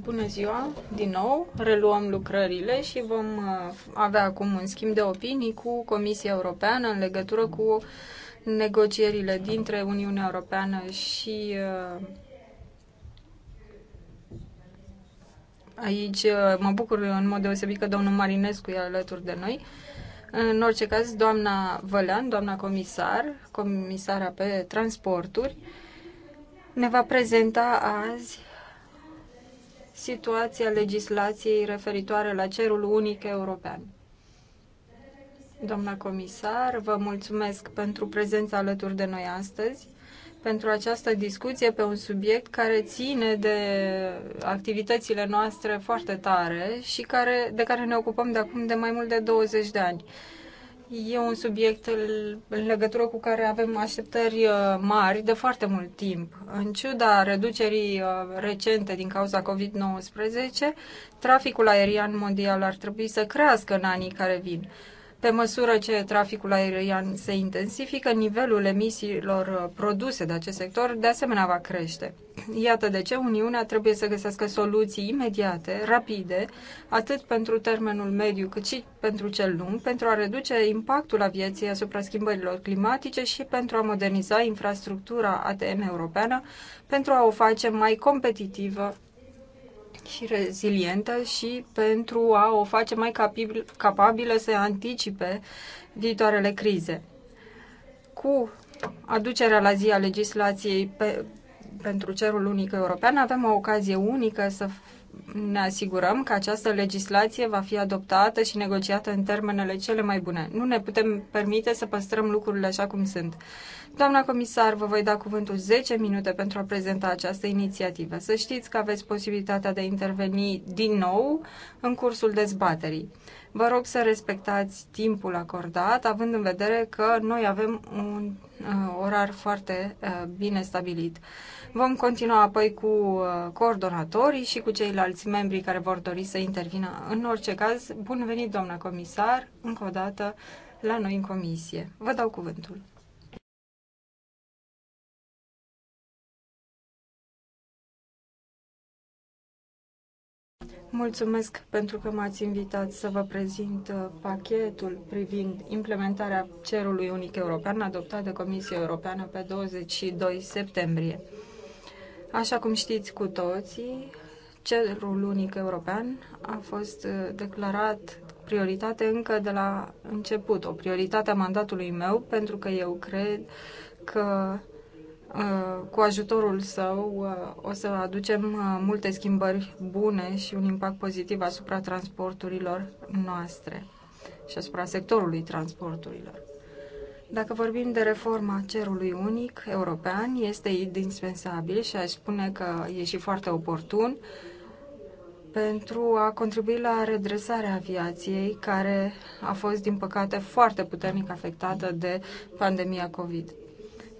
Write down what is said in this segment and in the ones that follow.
bună ziua din nou, reluăm lucrările și vom uh, avea acum un schimb de opinii cu Comisia Europeană în legătură cu negocierile dintre Uniunea Europeană și uh, aici uh, mă bucur în mod deosebit că domnul Marinescu e alături de noi. În orice caz, doamna Vălean, doamna comisar, comisara pe transporturi, ne va prezenta azi situația legislației referitoare la cerul unic european. Doamna comisar, vă mulțumesc pentru prezența alături de noi astăzi, pentru această discuție pe un subiect care ține de activitățile noastre foarte tare și care, de care ne ocupăm de acum de mai mult de 20 de ani e un subiect în legătură cu care avem așteptări uh, mari de foarte mult timp. În ciuda reducerii uh, recente din cauza COVID-19, traficul aerian mondial ar trebui să crească în anii care vin. Pe măsură ce traficul aerian se intensifică, nivelul emisiilor uh, produse de acest sector de asemenea va crește. Iată de ce Uniunea trebuie să găsească soluții imediate, rapide, atât pentru termenul mediu cât și pentru cel lung, pentru a reduce impactul aviației asupra schimbărilor climatice și pentru a moderniza infrastructura ATM europeană, pentru a o face mai competitivă și rezilientă și pentru a o face mai capabil, capabilă să anticipe viitoarele crize. Cu aducerea la zi a legislației pe, pentru cerul unic european avem o ocazie unică să ne asigurăm că această legislație va fi adoptată și negociată în termenele cele mai bune. Nu ne putem permite să păstrăm lucrurile așa cum sunt. Doamna comisar, vă voi da cuvântul 10 minute pentru a prezenta această inițiativă. Să știți că aveți posibilitatea de a interveni din nou în cursul dezbaterii. Vă rog să respectați timpul acordat, având în vedere că noi avem un uh, orar foarte uh, bine stabilit. Uh, Vom continua apoi cu uh, coordonatorii și cu ceilalți membri care vor dori să intervină. În orice caz, bun venit, doamna comisar, încă o dată la noi în comisie. Vă dau cuvântul. Mulțumesc pentru că m-ați invitat să vă prezint uh, pachetul privind implementarea cerului unic european adoptat de Comisia Europeană pe 22 septembrie. Așa cum știți cu toții, cerul unic european a fost uh, declarat prioritate încă de la început, o prioritate a mandatului meu, pentru că eu cred că uh, cu ajutorul său uh, o să aducem multe schimbări bune și un impact pozitiv asupra transporturilor noastre și asupra sectorului transporturilor. Dacă vorbim de reforma cerului unic european, este indispensabil și aș spune că e și foarte oportun pentru a contribui la redresarea aviației, care a fost, din păcate, foarte puternic afectată de pandemia COVID.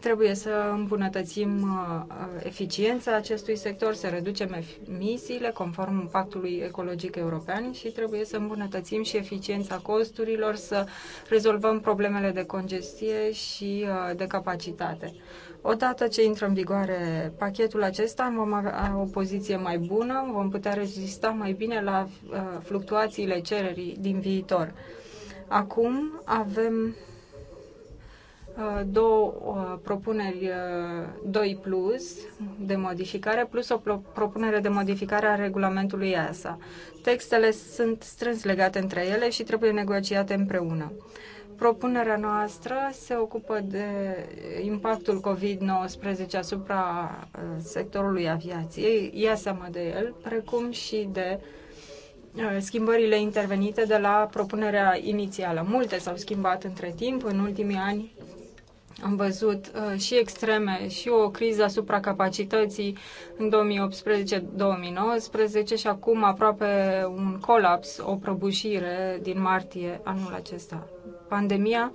Trebuie să îmbunătățim uh, uh, eficiența acestui sector, să reducem emisiile conform Pactului Ecologic European și trebuie să îmbunătățim și eficiența costurilor, să rezolvăm problemele de congestie și uh, de capacitate. Odată ce intră în vigoare pachetul acesta, vom avea o poziție mai bună, vom putea rezista mai bine la fluctuațiile cererii din viitor. Acum avem Uh, două uh, propuneri 2 uh, plus de modificare, plus o propunere de modificare a regulamentului EASA. Textele sunt strâns legate între ele și trebuie negociate împreună. Propunerea noastră se ocupă de impactul COVID-19 asupra sectorului aviației, ia seama de el, precum și de schimbările intervenite de la propunerea inițială. Multe s-au schimbat între timp, în ultimii ani am văzut uh, și extreme, și o criză asupra capacității în 2018-2019 și acum aproape un colaps, o prăbușire din martie anul acesta. Pandemia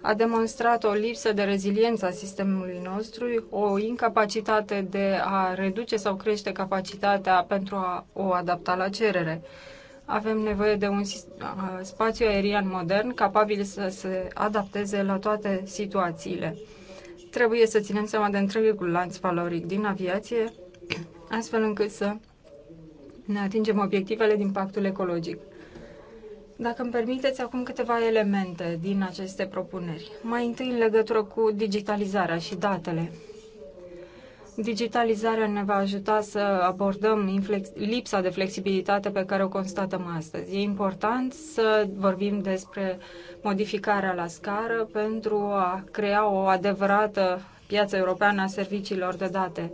a demonstrat o lipsă de reziliență a sistemului nostru, o incapacitate de a reduce sau crește capacitatea pentru a o adapta la cerere. Uh, avem nevoie de un uh, spațiu aerian modern capabil să se adapteze la toate situațiile. Trebuie să ținem seama de întregul lanț valoric din aviație, astfel încât să ne atingem obiectivele din pactul ecologic. Dacă îmi permiteți acum câteva elemente din aceste propuneri. Mai întâi în legătură cu digitalizarea și datele. Digitalizarea ne va ajuta să abordăm lipsa de flexibilitate pe care o constatăm astăzi. E important să vorbim despre modificarea la scară pentru a crea o adevărată piață europeană a serviciilor de date.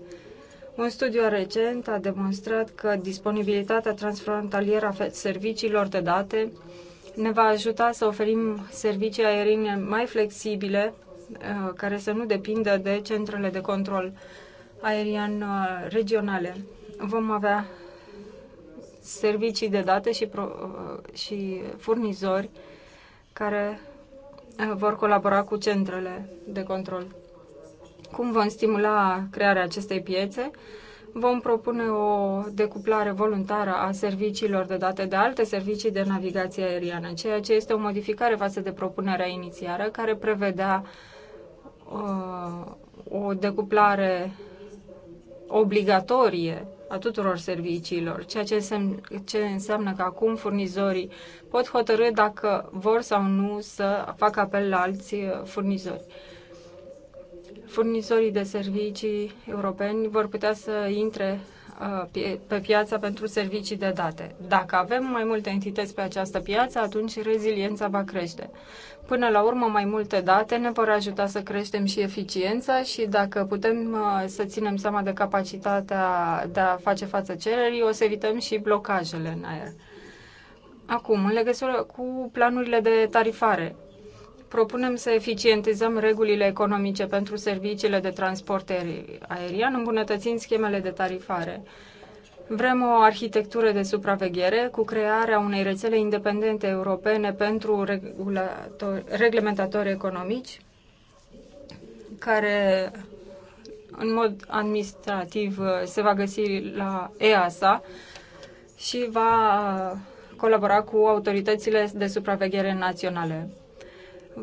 Un studiu recent a demonstrat că disponibilitatea transfrontalieră a serviciilor de date ne va ajuta să oferim servicii aeriene mai flexibile, uh, care să nu depindă de centrele de control aerian uh, regionale. Vom avea servicii de date și, pro, uh, și furnizori care uh, vor colabora cu centrele de control. Cum vom stimula crearea acestei piețe? Vom propune o decuplare voluntară a serviciilor de date de alte servicii de navigație aeriană, ceea ce este o modificare față de propunerea inițială care prevedea uh, o decuplare obligatorie a tuturor serviciilor, ceea ce, însemn, ce înseamnă că acum furnizorii pot hotărâ dacă vor sau nu să facă apel la alți uh, furnizori. Furnizorii de servicii europeni vor putea să intre Uh, pe piața pentru servicii de date. Dacă avem mai multe entități pe această piață, atunci reziliența va crește. Până la urmă, mai multe date ne vor ajuta să creștem și eficiența și dacă putem uh, să ținem seama de capacitatea de a face față cererii, o să evităm și blocajele în aer. Acum, în legătură cu planurile de tarifare, propunem să eficientizăm regulile economice pentru serviciile de transport aerian, îmbunătățind schemele de tarifare. Vrem o arhitectură de supraveghere cu crearea unei rețele independente europene pentru reglementatori economici, care în mod administrativ se va găsi la EASA și va colabora cu autoritățile de supraveghere naționale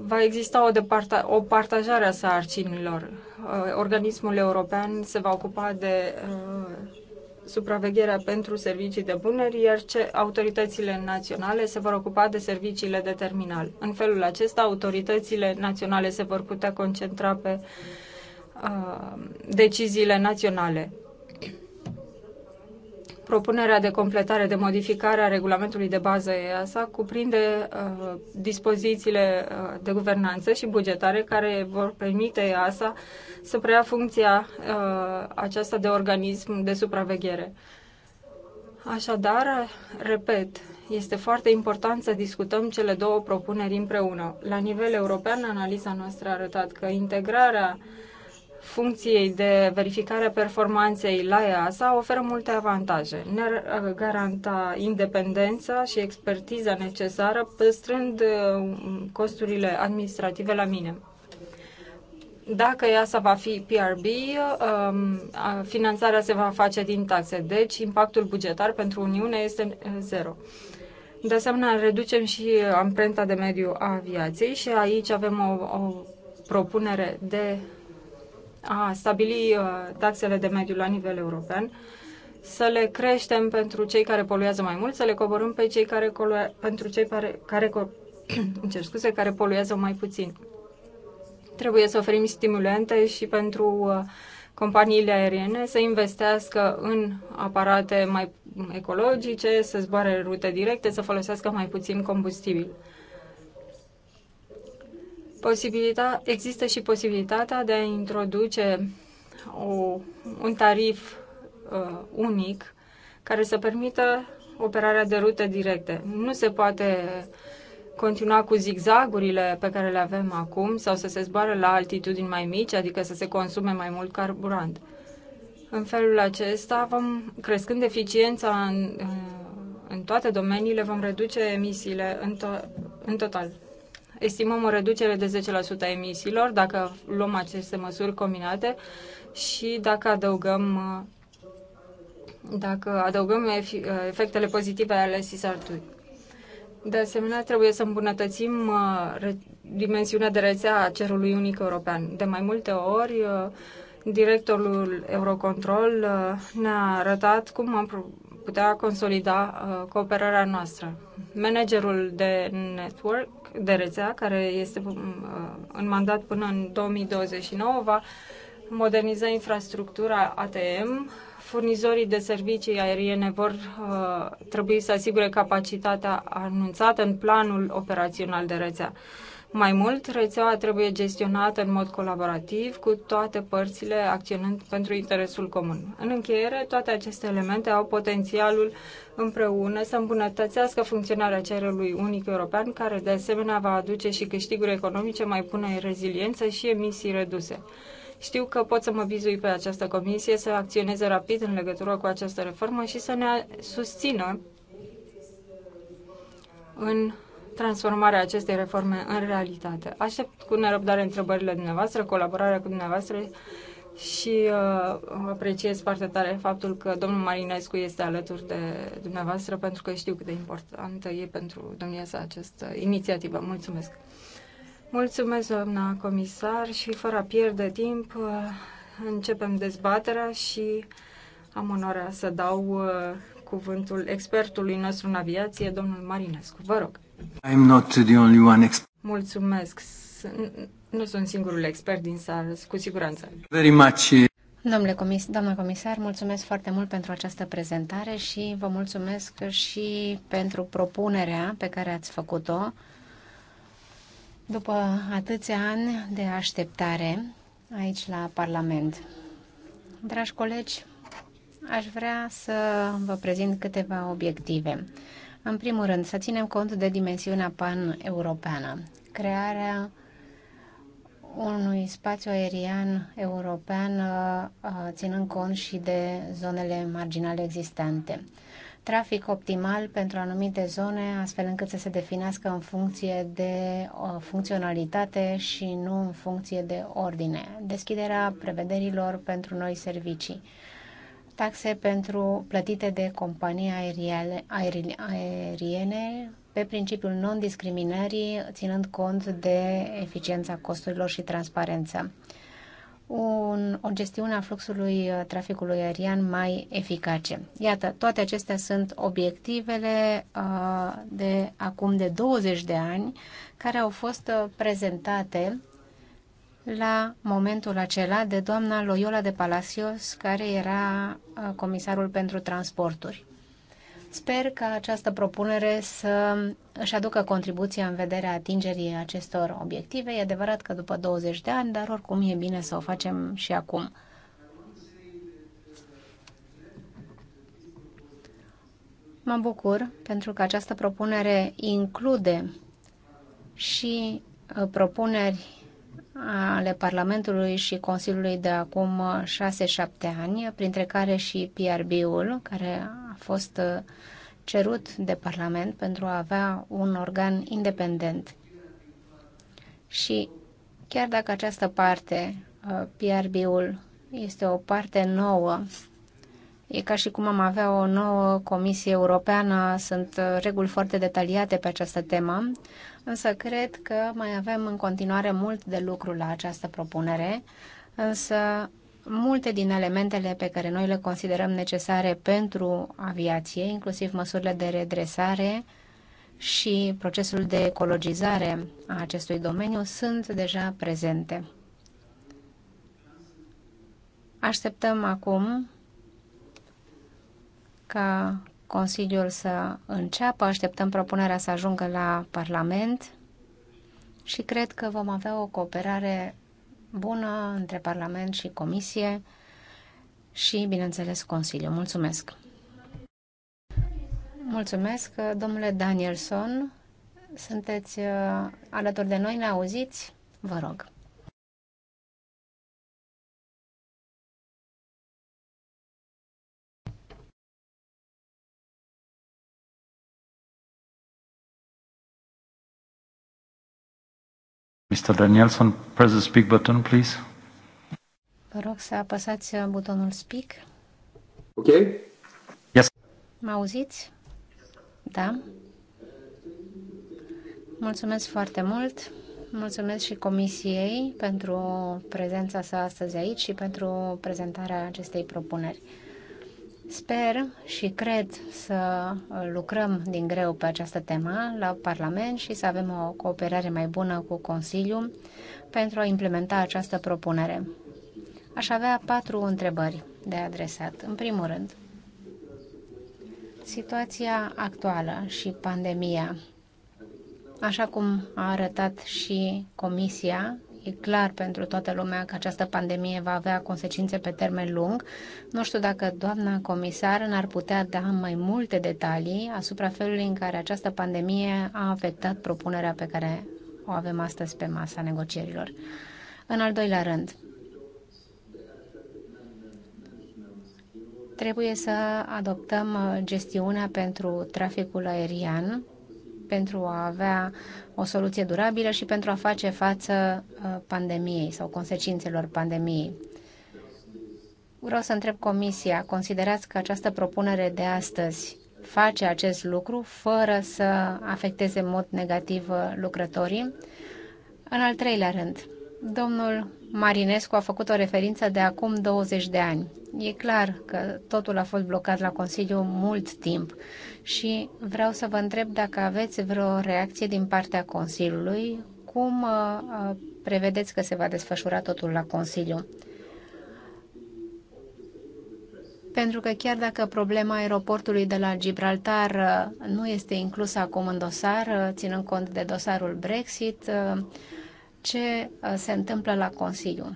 va exista o, departa- o partajare a sarcinilor. Uh, organismul european se va ocupa de uh, supravegherea pentru servicii de buneri, iar ce autoritățile naționale se vor ocupa de serviciile de terminal. În felul acesta, autoritățile naționale se vor putea concentra pe uh, deciziile naționale. Propunerea de completare, de modificare a regulamentului de bază EASA cuprinde uh, dispozițiile uh, de guvernanță și bugetare care vor permite EASA să preia funcția uh, aceasta de organism de supraveghere. Așadar, repet, este foarte important să discutăm cele două propuneri împreună. La nivel european, analiza noastră a arătat că integrarea uh, funcției de verificare a performanței la EASA oferă multe avantaje. Ne garanta independența și expertiza necesară, păstrând uh, costurile administrative la minim. Dacă EASA va fi PRB, um, finanțarea se va face din taxe, deci impactul bugetar pentru Uniune este uh, zero. De asemenea, reducem și amprenta de mediu a aviației și aici avem o, o propunere de a stabili uh, taxele de mediu la nivel european, să le creștem pentru cei care poluează mai mult, să le coborâm pe cei care colue... pentru cei care, care, cer scuze, care poluează mai puțin. Trebuie să oferim stimulente și pentru uh, companiile aeriene să investească în aparate mai ecologice, să zboare rute directe, să folosească mai puțin combustibil. Posibilita- există și posibilitatea de a introduce o, un tarif uh, unic care să permită operarea de rute directe. Nu se poate continua cu zigzagurile pe care le avem acum sau să se zboare la altitudini mai mici, adică să se consume mai mult carburant. În felul acesta, vom, crescând eficiența în, în toate domeniile, vom reduce emisiile în, to- în total estimăm o reducere de 10% a emisiilor dacă luăm aceste măsuri combinate și dacă adăugăm uh, dacă adăugăm uh, efectele pozitive ale csr 2 De asemenea, trebuie să îmbunătățim uh, dimensiunea de rețea a cerului unic european. De mai multe ori, directorul Eurocontrol ne-a arătat cum am putea consolida cooperarea noastră. Managerul de network de rețea, care este uh, în mandat până în 2029, va moderniza infrastructura ATM. Furnizorii de servicii aeriene vor uh, trebui să asigure capacitatea anunțată în planul operațional de rețea. Mai mult, rețeaua trebuie gestionată în mod colaborativ cu toate părțile acționând pentru interesul comun. În încheiere, toate aceste elemente au potențialul împreună să îmbunătățească funcționarea cerului unic european, care de asemenea va aduce și câștiguri economice mai bune, reziliență și emisii reduse. Știu că pot să mă vizui pe această comisie să acționeze rapid în legătură cu această reformă și să ne susțină în transformarea acestei reforme în realitate. Aștept cu nerăbdare întrebările dumneavoastră, colaborarea cu dumneavoastră și uh, apreciez foarte tare faptul că domnul Marinescu este alături de dumneavoastră pentru că știu cât de importantă e pentru domnia sa această inițiativă. Mulțumesc! Mulțumesc, doamna comisar, și fără a pierde timp, uh, începem dezbaterea și am onoarea să dau uh, cuvântul expertului nostru în aviație, domnul Marinescu. Vă rog! I'm not the only one Mulțumesc. Nu sunt singurul expert din sală, cu siguranță. Very much. Eh, Domnule comis, doamnă comisar, mulțumesc foarte mult pentru această prezentare și vă mulțumesc și pentru propunerea pe care ați făcut-o după atâția ani de așteptare aici la Parlament. Dragi colegi, aș vrea să vă prezint câteva obiective. În primul rând, să ținem cont de dimensiunea pan-europeană. Crearea unui spațiu aerian european uh, ținând cont și de zonele marginale existente. Trafic optimal pentru anumite zone, astfel încât să se definească în funcție de uh, funcționalitate și nu în funcție de ordine. Deschiderea prevederilor pentru noi servicii taxe pentru plătite de companii aeriene, aeriene pe principiul non-discriminării, ținând cont de eficiența costurilor și transparență. Un, o gestiune a fluxului uh, traficului aerian mai eficace. Iată, toate acestea sunt obiectivele uh, de acum de 20 de ani care au fost uh, prezentate la momentul acela de doamna Loyola de Palacios, care era comisarul pentru transporturi. Sper că această propunere să își aducă contribuția în vederea atingerii acestor obiective. E adevărat că după 20 de ani, dar oricum e bine să o facem și acum. Mă bucur pentru că această propunere include și propuneri ale Parlamentului și Consiliului de acum 6-7 ani, printre care și PRB-ul, care a fost uh, cerut de Parlament pentru a avea un organ independent. Și chiar dacă această parte, uh, PRB-ul, este o parte nouă E ca și cum am avea o nouă comisie europeană, sunt uh, reguli foarte detaliate pe această temă, însă cred că mai avem în continuare mult de lucru la această propunere, însă multe din elementele pe care noi le considerăm necesare pentru aviație, inclusiv măsurile de redresare și procesul de ecologizare a acestui domeniu, sunt deja prezente. Așteptăm acum ca Consiliul să înceapă. Așteptăm propunerea să ajungă la Parlament și cred că vom avea o cooperare bună între Parlament și Comisie și, bineînțeles, Consiliu. Mulțumesc! Mulțumesc, domnule Danielson. Sunteți uh, alături de noi, ne auziți? Vă rog. Mr. Danielson, press the speak button, please. Vă rog să apăsați butonul speak. Ok? Yes. Mă auziți? Da. Mulțumesc foarte mult. Mulțumesc și Comisiei pentru prezența sa astăzi aici și pentru prezentarea acestei propuneri. Sper și cred să lucrăm din greu pe această temă la Parlament și să avem o cooperare mai bună cu Consiliul pentru a implementa această propunere. Aș avea patru întrebări de adresat. În primul rând, situația actuală și pandemia. Așa cum a arătat și Comisia, E clar pentru toată lumea că această pandemie va avea consecințe pe termen lung. Nu știu dacă doamna comisar n-ar putea da mai multe detalii asupra felului în care această pandemie a afectat propunerea pe care o avem astăzi pe masa negocierilor. În al doilea rând, trebuie să adoptăm uh, gestiunea pentru traficul aerian pentru a avea o soluție durabilă și pentru a face față uh, pandemiei sau consecințelor pandemiei. Vreau să întreb Comisia, considerați că această propunere de astăzi face acest lucru fără să afecteze în mod negativ uh, lucrătorii? În al treilea rând, domnul Marinescu a făcut o referință de acum 20 de ani. E clar că totul a fost blocat la Consiliu mult timp și vreau să vă întreb dacă aveți vreo reacție din partea Consiliului, cum uh, uh, prevedeți că se va desfășura totul la Consiliu. Pentru că chiar dacă problema aeroportului de la Gibraltar uh, nu este inclusă acum în dosar, ținând cont de dosarul Brexit, ce se întâmplă la Consiliu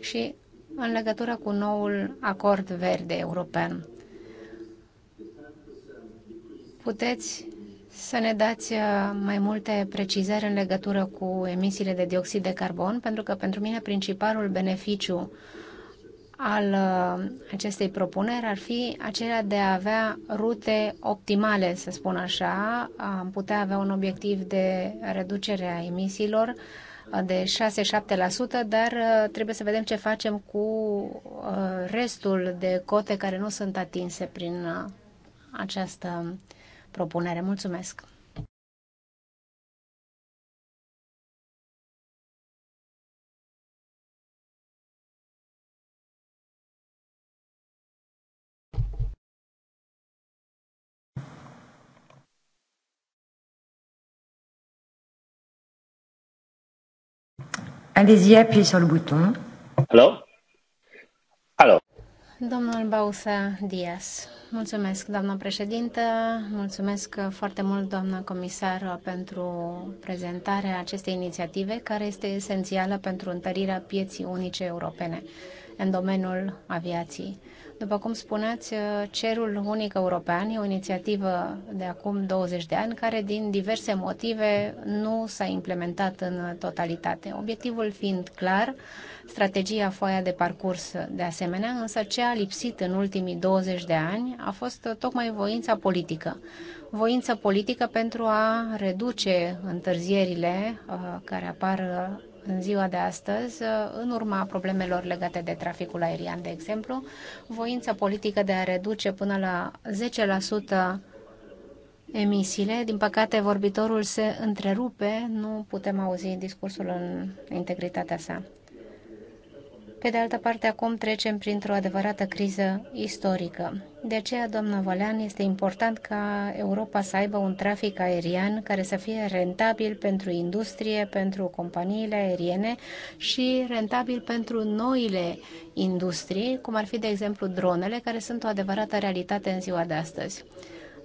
și în legătură cu noul acord verde european puteți să ne dați uh, mai multe precizări în legătură cu emisiile de dioxid de carbon, pentru că pentru mine principalul beneficiu al uh, acestei propuneri ar fi acela de a avea rute optimale, să spun așa. Am putea avea un obiectiv de reducere a emisiilor uh, de 6-7%, dar trebuie să vedem ce facem cu restul de cote care nu sunt atinse prin această propunere. Mulțumesc! Allez-y, appuyez sur le bouton. Hello? domnul Bausa Dias. Mulțumesc, doamna președintă, mulțumesc foarte mult, doamna comisar, pentru prezentarea acestei inițiative, care este esențială pentru întărirea pieții unice europene în domeniul aviației. După cum spuneați, Cerul Unic European e o inițiativă de acum 20 de ani care din diverse motive nu s-a implementat în totalitate. Obiectivul fiind clar, strategia foaia de parcurs de asemenea, însă ce a lipsit în ultimii 20 de ani a fost tocmai voința politică. Voință politică pentru a reduce întârzierile uh, care apar în ziua de astăzi, în urma problemelor legate de traficul aerian, de exemplu, voința politică de a reduce până la 10% emisiile. Din păcate, vorbitorul se întrerupe, nu putem auzi discursul în integritatea sa. Pe de altă parte, acum trecem printr-o adevărată criză istorică. De aceea, doamna Valean, este important ca Europa să aibă un trafic aerian care să fie rentabil pentru industrie, pentru companiile aeriene și rentabil pentru noile industrii, cum ar fi, de exemplu, dronele, care sunt o adevărată realitate în ziua de astăzi.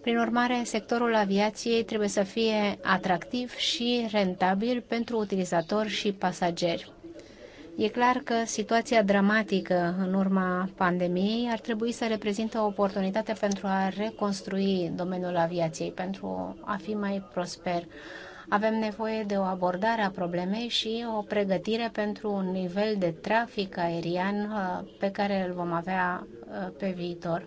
Prin urmare, sectorul aviației trebuie să fie atractiv și rentabil pentru utilizatori și pasageri. E clar că situația dramatică în urma pandemiei ar trebui să reprezintă o oportunitate pentru a reconstrui domeniul aviației, pentru a fi mai prosper. Avem nevoie de o abordare a problemei și o pregătire pentru un nivel de trafic aerian uh, pe care îl vom avea uh, pe viitor.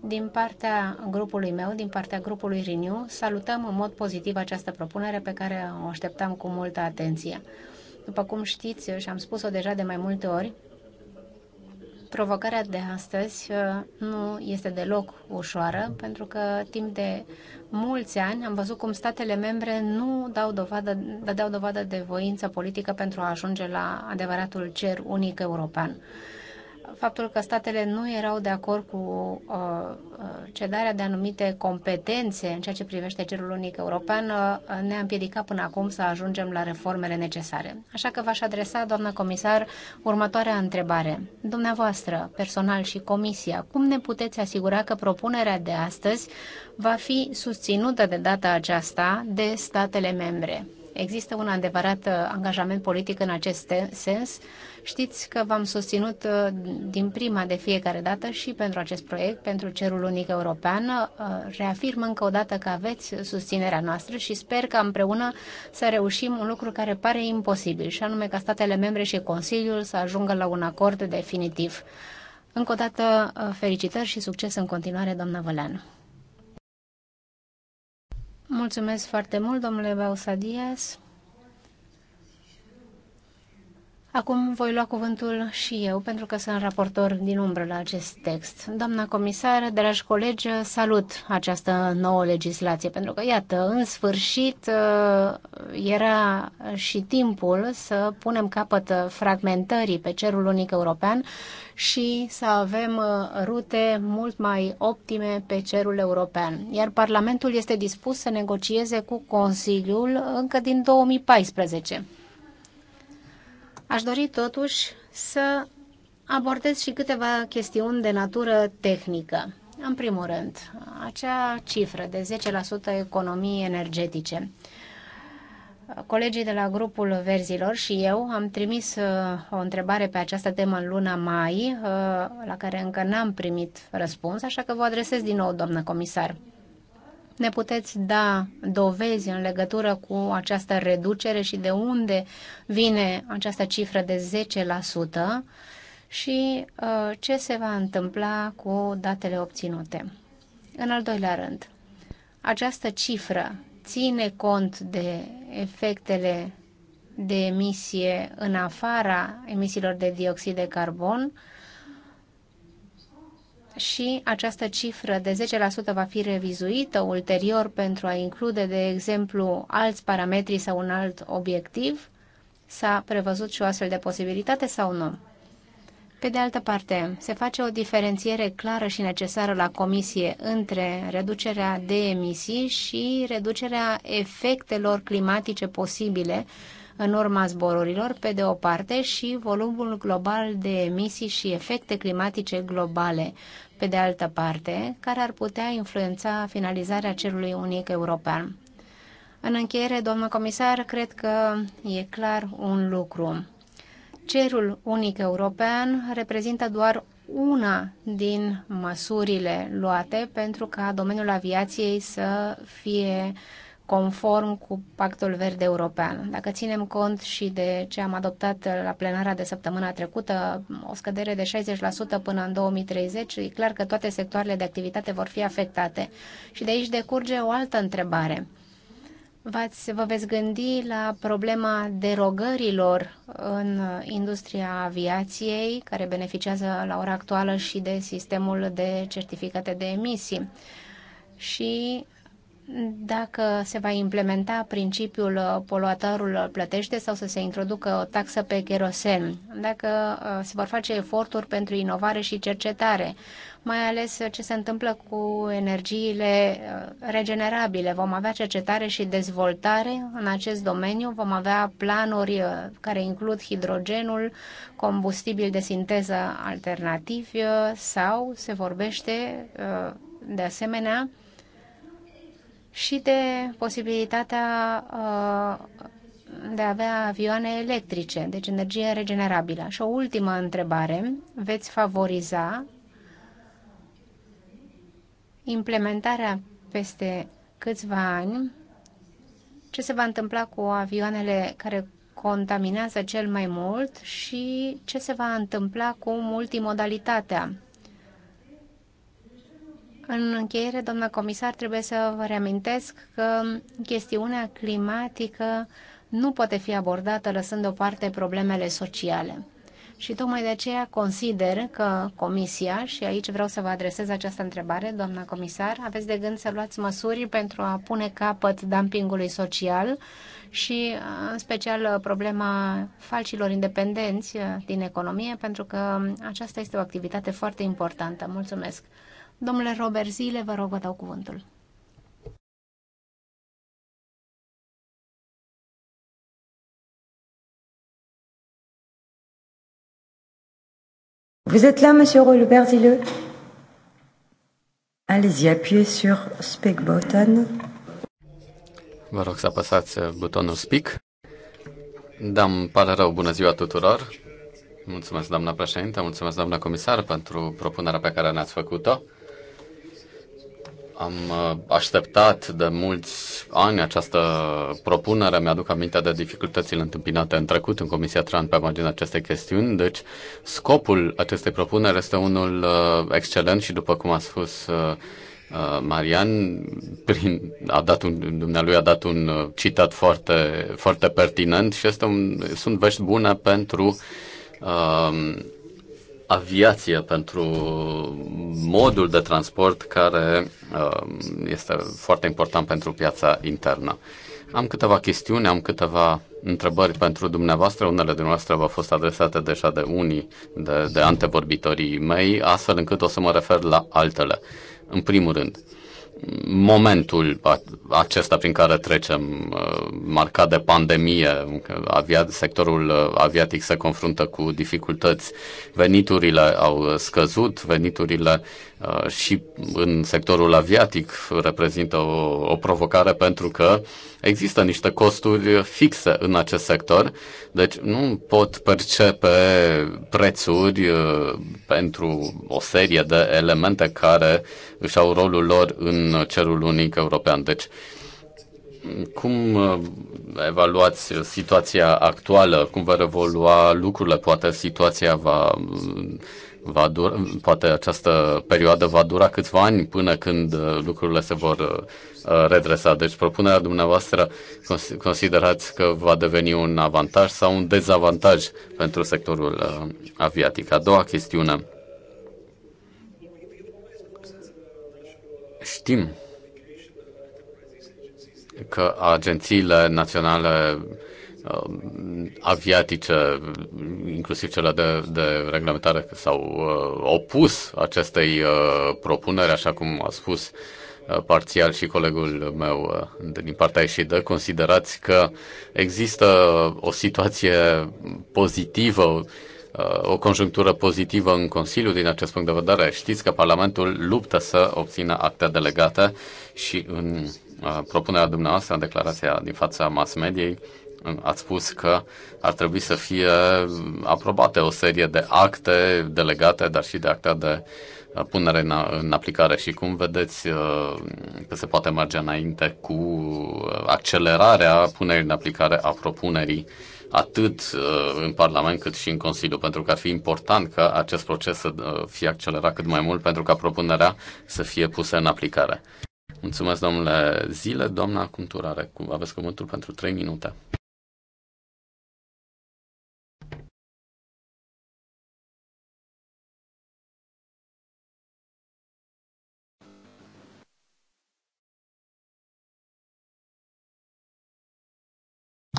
Din partea grupului meu, din partea grupului Renew, salutăm în mod pozitiv această propunere pe care o așteptam cu multă atenție. După cum știți și am spus-o deja de mai multe ori, provocarea de astăzi uh, nu este deloc ușoară, pentru că timp de mulți ani am văzut cum statele membre nu dau dovadă, dădeau dovadă de voință politică pentru a ajunge la adevăratul cer unic european faptul că statele nu erau de acord cu uh, uh, cedarea de anumite competențe în ceea ce privește cerul unic european uh, ne-a împiedicat până acum să ajungem la reformele necesare. Așa că v-aș adresa, doamnă comisar, următoarea întrebare. Dumneavoastră, personal și comisia, cum ne puteți asigura că propunerea de astăzi va fi susținută de data aceasta de statele membre? Există un adevărat uh, angajament politic în acest sens. Știți că v-am susținut uh, din prima de fiecare dată și pentru acest proiect, pentru Cerul Unic European. Uh, reafirm încă o dată că aveți susținerea noastră și sper că împreună să reușim un lucru care pare imposibil, și anume ca statele membre și Consiliul să ajungă la un acord definitiv. Încă o dată, felicitări și succes în continuare, doamna Văleanu. Mulțumesc foarte mult, domnule Bausadias. Acum voi lua cuvântul și eu, pentru că sunt raportor din umbră la acest text. Doamna comisară, dragi colegi, salut această nouă legislație, pentru că, iată, în sfârșit uh, era și timpul să punem capăt fragmentării pe cerul unic european și să avem uh, rute mult mai optime pe cerul european. Iar Parlamentul este dispus să negocieze cu Consiliul încă din 2014. Aș dori totuși să abordez și câteva chestiuni de natură tehnică. În primul rând, acea cifră de 10% economii energetice. Colegii de la grupul Verzilor și eu am trimis uh, o întrebare pe această temă în luna mai, uh, la care încă n-am primit răspuns, așa că vă adresez din nou, doamnă comisar. Ne puteți da dovezi în legătură cu această reducere și de unde vine această cifră de 10% și uh, ce se va întâmpla cu datele obținute. În al doilea rând, această cifră ține cont de efectele de emisie în afara emisiilor de dioxid de carbon, și această cifră de 10% va fi revizuită ulterior pentru a include, de exemplu, alți parametri sau un alt obiectiv? S-a prevăzut și o astfel de posibilitate sau nu? Pe de altă parte, se face o diferențiere clară și necesară la comisie între reducerea de emisii și reducerea efectelor climatice posibile în urma zborurilor, pe de o parte, și volumul global de emisii și efecte climatice globale, pe de altă parte, care ar putea influența finalizarea cerului unic european. În încheiere, domnul comisar, cred că e clar un lucru. Cerul unic european reprezintă doar una din măsurile luate pentru ca domeniul aviației să fie uh, conform cu Pactul Verde European. Dacă ținem cont și de ce am adoptat la plenara de săptămâna trecută, o scădere de 60% până în 2030, e clar că toate sectoarele de activitate vor fi afectate. Și de aici decurge o altă întrebare. V-ați, vă veți gândi la problema derogărilor în industria aviației, care beneficiază la ora actuală și de sistemul de certificate de emisii. Și dacă se va implementa principiul uh, poluatorul plătește sau să se introducă o taxă pe kerosen, dacă uh, se vor face eforturi pentru inovare și cercetare, mai ales uh, ce se întâmplă cu energiile regenerabile. Vom avea cercetare și dezvoltare în acest domeniu, vom avea planuri care includ hidrogenul, combustibil de sinteză alternativ sau se vorbește de asemenea și de posibilitatea uh, de a avea avioane electrice, deci energie regenerabilă. Și o ultimă întrebare, veți favoriza implementarea peste câțiva ani, ce se va întâmpla cu avioanele care contaminează cel mai mult și ce se va întâmpla cu multimodalitatea în încheiere, doamna comisar, trebuie să vă reamintesc că chestiunea climatică nu poate fi abordată lăsând deoparte problemele sociale. Și tocmai de aceea consider că Comisia, și aici vreau să vă adresez această întrebare, doamna comisar, aveți de gând să luați măsuri pentru a pune capăt dumpingului social și în special problema falcilor independenți din economie, pentru că aceasta este o activitate foarte importantă. Mulțumesc! Domnule Robert Zile, vă rog, vă dau cuvântul. Vous êtes là, monsieur Robert Zile Allez-y, appuyez sur Speak button. Vă rog să apăsați butonul Speak. Da, îmi pare rău. Bună ziua tuturor. Mulțumesc, doamna președinte, mulțumesc, doamna comisar, pentru propunerea pe care ne-ați făcut-o. Am uh, așteptat de mulți ani această propunere. Mi-aduc aminte de dificultățile întâmpinate în trecut în Comisia Tran pe marginea acestei chestiuni. Deci, scopul acestei propuneri este unul uh, excelent și, după cum a spus uh, Marian, prin, a dat un, dumnealui a dat un citat foarte, foarte pertinent și este un, sunt vești bune pentru uh, aviație, pentru modul de transport care um, este foarte important pentru piața internă. Am câteva chestiuni, am câteva întrebări pentru dumneavoastră. Unele dumneavoastră v-au fost adresate deja de unii, de, de antevorbitorii mei, astfel încât o să mă refer la altele. În primul rând, uh, momentul acesta prin care trecem, uh, marcat de pandemie, sectorul uh, aviatic se confruntă cu dificultăți, veniturile au uh, scăzut, veniturile Uh, și în sectorul aviatic reprezintă o, o provocare pentru că există niște costuri fixe în acest sector, deci nu pot percepe prețuri uh, pentru o serie de elemente care își au rolul lor în cerul unic european. Deci, cum uh, evaluați situația actuală? Cum vor evolua lucrurile? Poate situația va va dura, poate această perioadă va dura câțiva ani până când uh, lucrurile se vor uh, uh, redresa. Deci propunerea dumneavoastră considerați că va deveni un avantaj sau un dezavantaj pentru sectorul aviatic. A doua chestiune. Știm că agențiile naționale uh, Um, aviatice, inclusiv cele de, de reglementare, s-au uh, opus acestei uh, propuneri, așa cum a spus uh, parțial și colegul meu din partea ieșită, considerați că există o situație pozitivă, o conjunctură pozitivă în Consiliu din acest punct de vedere. Știți că Parlamentul luptă să obțină acte delegate și în propunerea dumneavoastră, în declarația din fața mass mediei, ați spus că ar trebui să fie aprobate o serie de acte delegate, dar și de acte de punere în, în aplicare și cum vedeți uh, că se poate merge înainte cu uh, accelerarea punerii în aplicare a propunerii atât uh, în Parlament cât și în Consiliu, pentru că ar fi important ca acest proces să fie accelerat cât mai mult pentru ca propunerea să fie pusă în aplicare. Mulțumesc, domnule Zile. Doamna Cunturare, aveți cuvântul pentru 3 minute.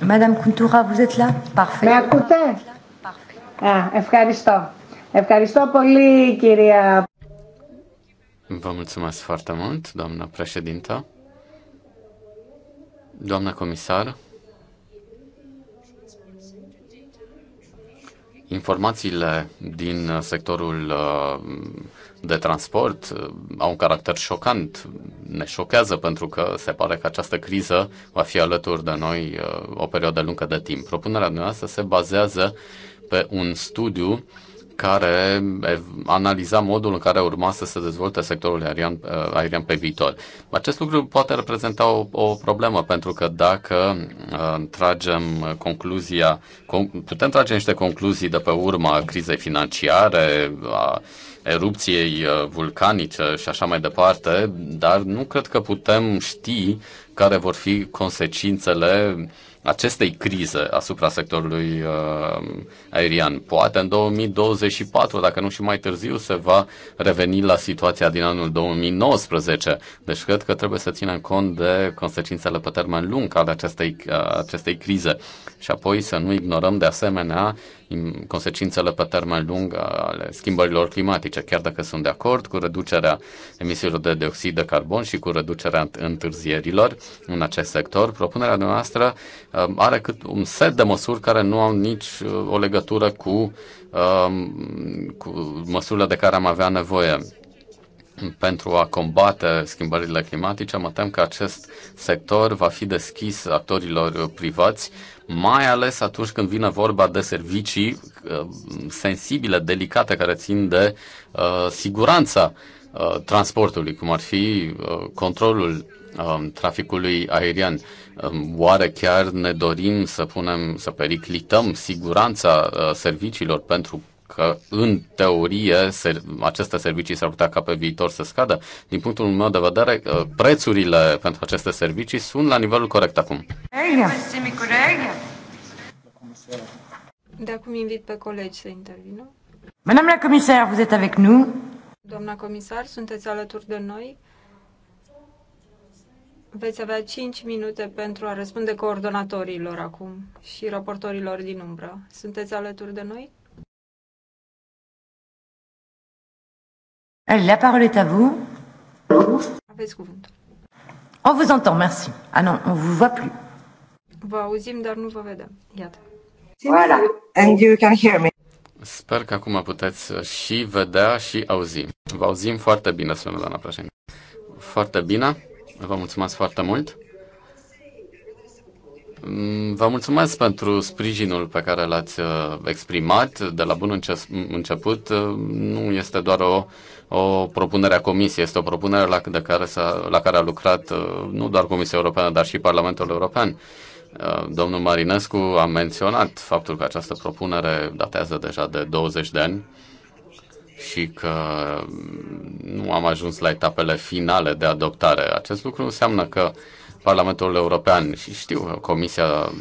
Madame Kuntura, vous êtes là Parfait. Με ακούτε? Ah, ευχαριστώ. Ευχαριστώ πολύ, κυρία. Vă mulțumesc foarte mult, doamna președintă. Doamna comisar, informațiile din sectorul uh, de transport uh, au un caracter șocant, ne șochează pentru că se pare că această criză va fi alături de noi uh, o perioadă lungă de timp. Propunerea noastră se bazează pe un studiu care analiza modul în care urma să se dezvolte sectorul aerian, uh, aerian pe viitor. Acest lucru poate reprezenta o, o problemă, pentru că dacă uh, tragem concluzia, con, putem trage niște concluzii de pe urma crizei financiare, a uh, erupției uh, vulcanice și așa mai departe, dar nu cred că putem ști care vor fi consecințele acestei crize asupra sectorului uh, aerian. Poate în 2024, dacă nu și mai târziu, se va reveni la situația din anul 2019. Deci cred că trebuie să ținem cont de consecințele pe termen lung ale acestei, uh, acestei crize. Și apoi să nu ignorăm de asemenea consecințele pe termen lung ale schimbărilor climatice, chiar dacă sunt de acord cu reducerea emisiilor de dioxid de carbon și cu reducerea întârzierilor în acest sector. Propunerea noastră um, are cât un set de măsuri care nu au nici uh, o legătură cu, um, cu măsurile de care am avea nevoie pentru a combate schimbările climatice, mă tem că acest sector va fi deschis actorilor privați, mai ales atunci când vine vorba de servicii uh, sensibile, delicate, care țin de uh, siguranța uh, transportului, cum ar fi uh, controlul um, traficului aerian. Um, oare chiar ne dorim să punem, să periclităm siguranța uh, serviciilor pentru că, în teorie, ser, aceste servicii s-ar putea ca pe viitor să scadă. Din punctul meu de vedere, uh, prețurile pentru aceste servicii sunt la nivelul corect acum. De acum invit pe colegi să intervină. Madame la comisar, vous êtes avec nous? Doamna comisar, sunteți alături de noi? Veți avea 5 minute pentru a răspunde coordonatorilor acum și raportorilor din umbră. Sunteți alături de noi? La parole est à vous. Aveți cuvântul. On vous entend, merci. Ah non, on vous voit plus. Vă auzim, dar nu vă vedem. Iată. Voilà. And you can hear me. Sper că acum puteți uh, și vedea și auzi. Vă auzim foarte bine, spune doamna președinte. Foarte bine. Vă mulțumesc foarte mult. Mm, vă mulțumesc pentru sprijinul pe care l-ați uh, exprimat de la bun început. Uh, nu este doar o, o propunere a Comisiei, este o propunere la, de care s-a, la care a lucrat uh, nu doar Comisia Europeană, dar și Parlamentul European. Domnul Marinescu a menționat faptul că această propunere datează deja de 20 de ani și că nu am ajuns la etapele finale de adoptare. Acest lucru înseamnă că uh, Parlamentul European și știu, Comisia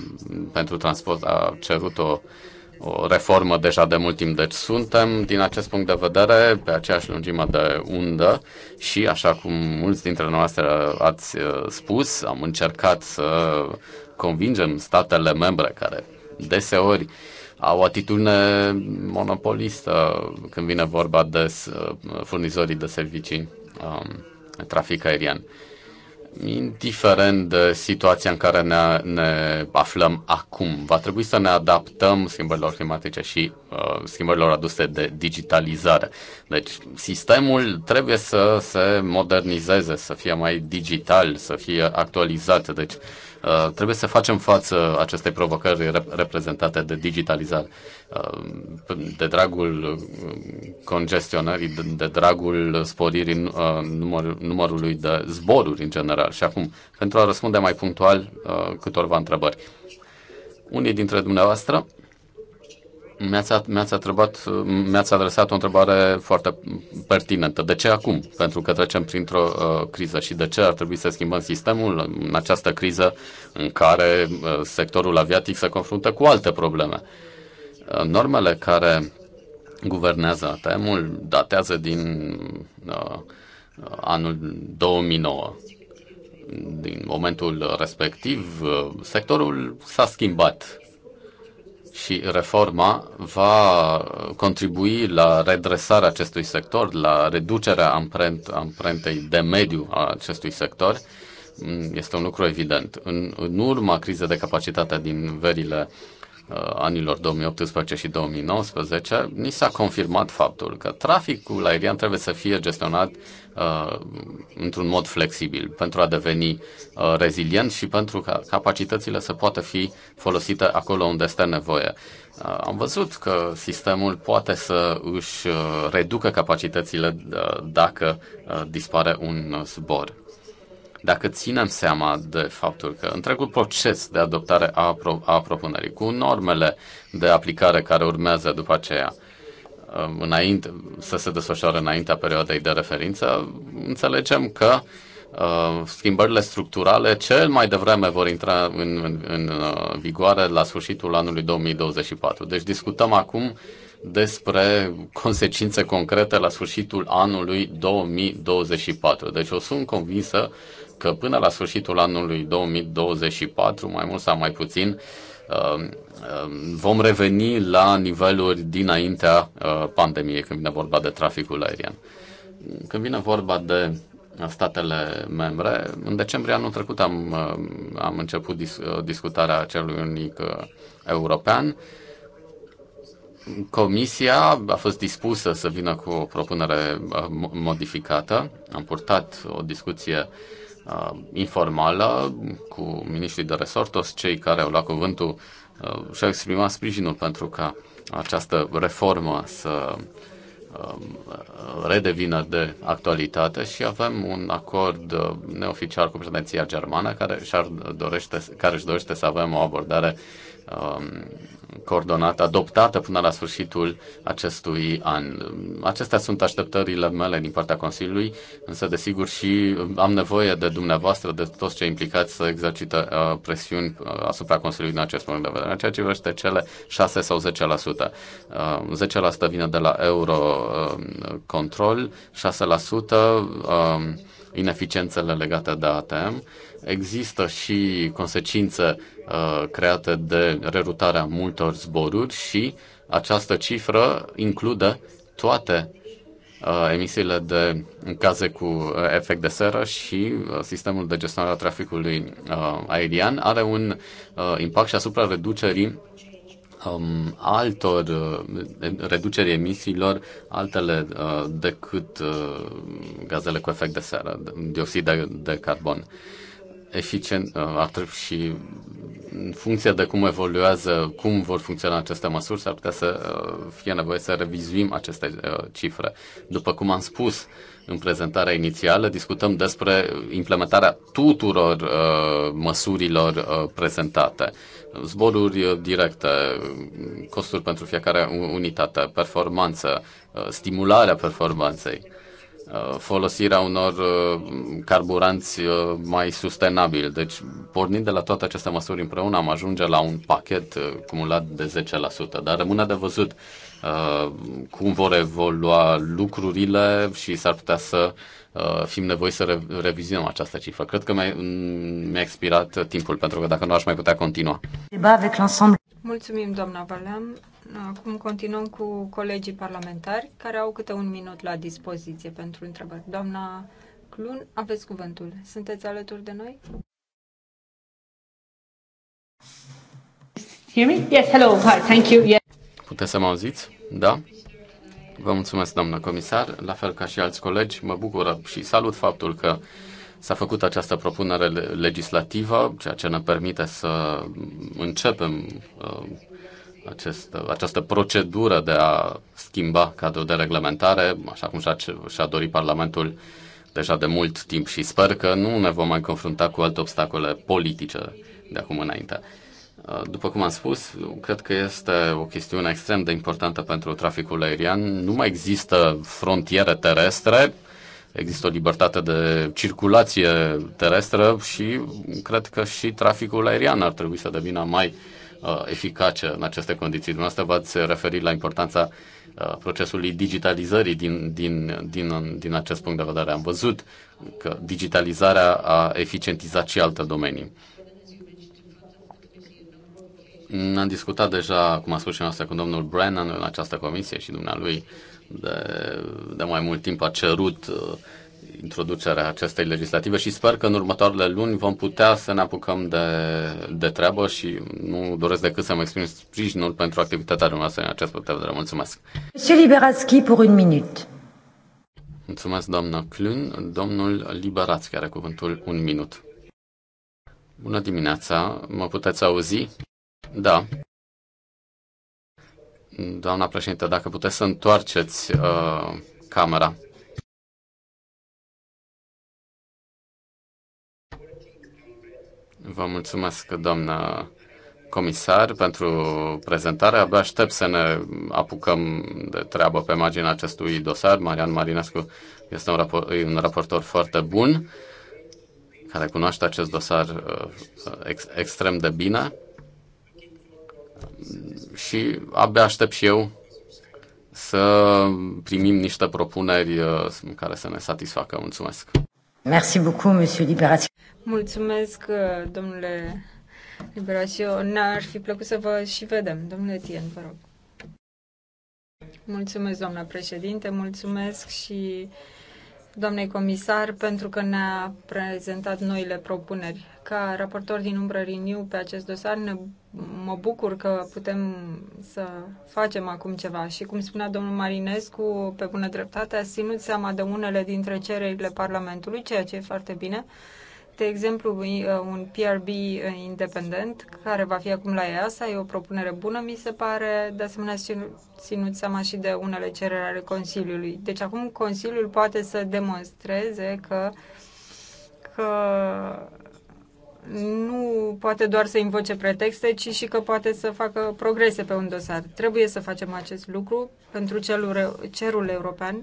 pentru Transport a cerut o, o reformă deja de mult timp. Deci suntem, din acest punct de vedere, pe aceeași lungime de undă și, așa cum mulți dintre noastre ați uh, spus, am încercat să convingem statele membre care deseori au o atitudine monopolistă când vine vorba de uh, furnizorii de servicii um, trafic aerian indiferent de situația în care ne, ne aflăm acum, va trebui să ne adaptăm schimbărilor climatice și uh, schimbărilor aduse de digitalizare. Deci, sistemul trebuie să se modernizeze, să fie mai digital, să fie actualizat. Deci, uh, Uh, trebuie să facem față acestei provocări reprezentate de digitalizare, uh, de dragul uh, congestionării, de dragul sporirii număr, numărului de zboruri în general. Și acum, pentru a răspunde mai punctual câtorva întrebări. Unii dintre dumneavoastră mi-ați, mi-ați, întrebat, mi-ați adresat o întrebare foarte pertinentă. De ce acum? Pentru că trecem printr-o uh, criză și de ce ar trebui să schimbăm sistemul în această criză în care uh, sectorul aviatic se confruntă cu alte probleme? Uh, normele care guvernează ATM-ul datează din uh, uh anul 2009. Din momentul respectiv, uh, sectorul s-a schimbat și reforma va contribui la redresarea acestui sector, la reducerea amprent, amprentei de mediu a acestui sector. Mm, este un lucru evident. În, în urma crizei de capacitate din verile Uh, anilor 2018 și 2019, ni s-a confirmat faptul că traficul aerian trebuie să fie gestionat uh, într-un mod flexibil pentru a deveni uh, rezilient și pentru ca capacitățile să poată fi folosite acolo unde este nevoie. Uh, am văzut că sistemul poate să își uh, reducă capacitățile uh, dacă dispare un zbor dacă ținem seama de faptul că întregul proces de adoptare a, pro- a propunerii, cu normele de aplicare care urmează după aceea, um, înainte, să se desfășoare înaintea perioadei de referință, înțelegem că uh, schimbările structurale cel mai devreme vor intra în, în, în uh, vigoare la sfârșitul anului 2024. Deci discutăm acum despre consecințe concrete la sfârșitul anului 2024. Deci eu sunt convinsă că până la sfârșitul anului 2024, mai mult sau mai puțin, uh, uh, vom reveni la niveluri dinaintea uh, pandemiei, când vine vorba de traficul aerian. Când vine vorba de statele membre, în decembrie anul trecut am, am început dis, discutarea acelui unic european. Comisia a fost dispusă să vină cu o propunere modificată. Am purtat o discuție uh, uh, informală cu miniștrii de resort, toți cei care au luat cuvântul uh, și-au exprimat sprijinul pentru ca această reformă să um, uh, redevină de actualitate și avem un acord uh, neoficial cu președinția germană care, și-ar dorește, care își dorește să avem o abordare Um, coordonată, adoptată până la sfârșitul acestui an. Acestea sunt așteptările mele din partea Consiliului, însă desigur și am nevoie de dumneavoastră, de toți cei implicați să exercită uh, presiuni uh, asupra Consiliului din acest punct de vedere. În ceea ce privește cele 6 sau 10%. 10% uh, vine de la Eurocontrol, 6% ineficiențele legate de ATM există și consecințe uh, create de rerutarea multor zboruri și această cifră include toate uh, emisiile de gaze cu uh, efect de seră și uh, sistemul de gestionare a traficului uh, aerian are un uh, impact și asupra reducerii um, altor uh, reducerii emisiilor altele uh, decât uh, gazele cu efect de seră, dioxid de, de carbon. Uh, eficient uh, ar trebui și în funcție de cum evoluează, cum vor funcționa aceste măsuri, s-ar putea să uh, fie nevoie să revizuim aceste uh, cifre. După cum am spus în prezentarea inițială, discutăm despre implementarea tuturor măsurilor prezentate. Zboruri directe, costuri pentru fiecare unitate, performanță, stimularea performanței Uh, folosirea unor uh, carburanți uh, mai sustenabili. Deci, pornind de la toate aceste măsuri împreună, am ajunge la un pachet cumulat de 10%. Dar rămâne de văzut cum vor evolua lucrurile și s-ar putea să fim nevoiți să re- revizionăm această cifră. Cred că mi-a, expirat timpul, pentru că dacă nu aș mai putea continua. Mulțumim, doamna Valeam. Acum continuăm cu colegii parlamentari care au câte un minut la dispoziție pentru întrebări. Doamna Clun, aveți cuvântul. Sunteți alături de noi? Hear me? Yes, hello. Hi, thank you. Yes. Puteți să mă auziți? Da? Vă mulțumesc, doamnă comisar. La fel ca și alți colegi, mă bucură și salut faptul că S-a făcut această propunere legislativă, ceea ce ne permite să începem uh, acest, uh, această procedură de a schimba cadrul de reglementare, așa cum și-a, și-a dorit Parlamentul deja de mult timp și sper că nu ne vom mai confrunta cu alte obstacole politice de acum înainte. Uh, după cum am spus, cred că este o chestiune extrem de importantă pentru traficul aerian. Nu mai există frontiere terestre, există o libertate de circulație terestră și cred că și traficul aerian ar trebui să devină mai uh, eficace în aceste condiții. Dumneavoastră v-ați referit la importanța uh, procesului digitalizării din, din, din, din acest punct de vedere. Am văzut că digitalizarea a eficientizat și alte domenii. Am discutat deja, cum a spus și noastră, cu domnul Brennan în această comisie și dumnealui lui de, de mai mult timp a cerut uh, introducerea acestei legislative și sper că în următoarele luni vom putea să ne apucăm de, de treabă și nu doresc decât să-mi exprim sprijinul pentru activitatea dumneavoastră în acest punct de vedere. Mulțumesc! Liberatski, un minut. Mulțumesc, doamna Clun. Domnul Liberațchi are cuvântul un minut. Bună dimineața, mă puteți auzi? Da, Doamna președinte, dacă puteți să întoarceți uh, camera. Vă mulțumesc, doamnă comisar, pentru prezentare. Abia aștept să ne apucăm de treabă pe marginea acestui dosar. Marian Marinescu este un, rapor, un raportor foarte bun, care cunoaște acest dosar uh, ex, extrem de bine și abia aștept și eu să primim niște propuneri uh, care să ne satisfacă. Mulțumesc! Merci beaucoup, monsieur Liberațion. Mulțumesc, uh, domnule Liberațion. ne ar fi plăcut să vă și vedem. Domnule Tien, vă rog. Mulțumesc, doamna președinte, mulțumesc și doamnei comisar pentru că ne-a prezentat noile propuneri ca raportor din umbră Renew pe acest dosar, ne, mă bucur că putem să facem acum ceva. Și cum spunea domnul Marinescu, pe bună dreptate, a ținut seama de unele dintre cererile Parlamentului, ceea ce e foarte bine. De exemplu, uh, un PRB uh, independent, care va fi acum la EASA, e o propunere bună, mi se pare. De asemenea, ținut seama și de unele cereri ale Consiliului. Deci acum Consiliul poate să demonstreze că, că nu poate doar să invoce pretexte, ci și că poate să facă progrese pe un dosar. Trebuie să facem acest lucru pentru celul, cerul european,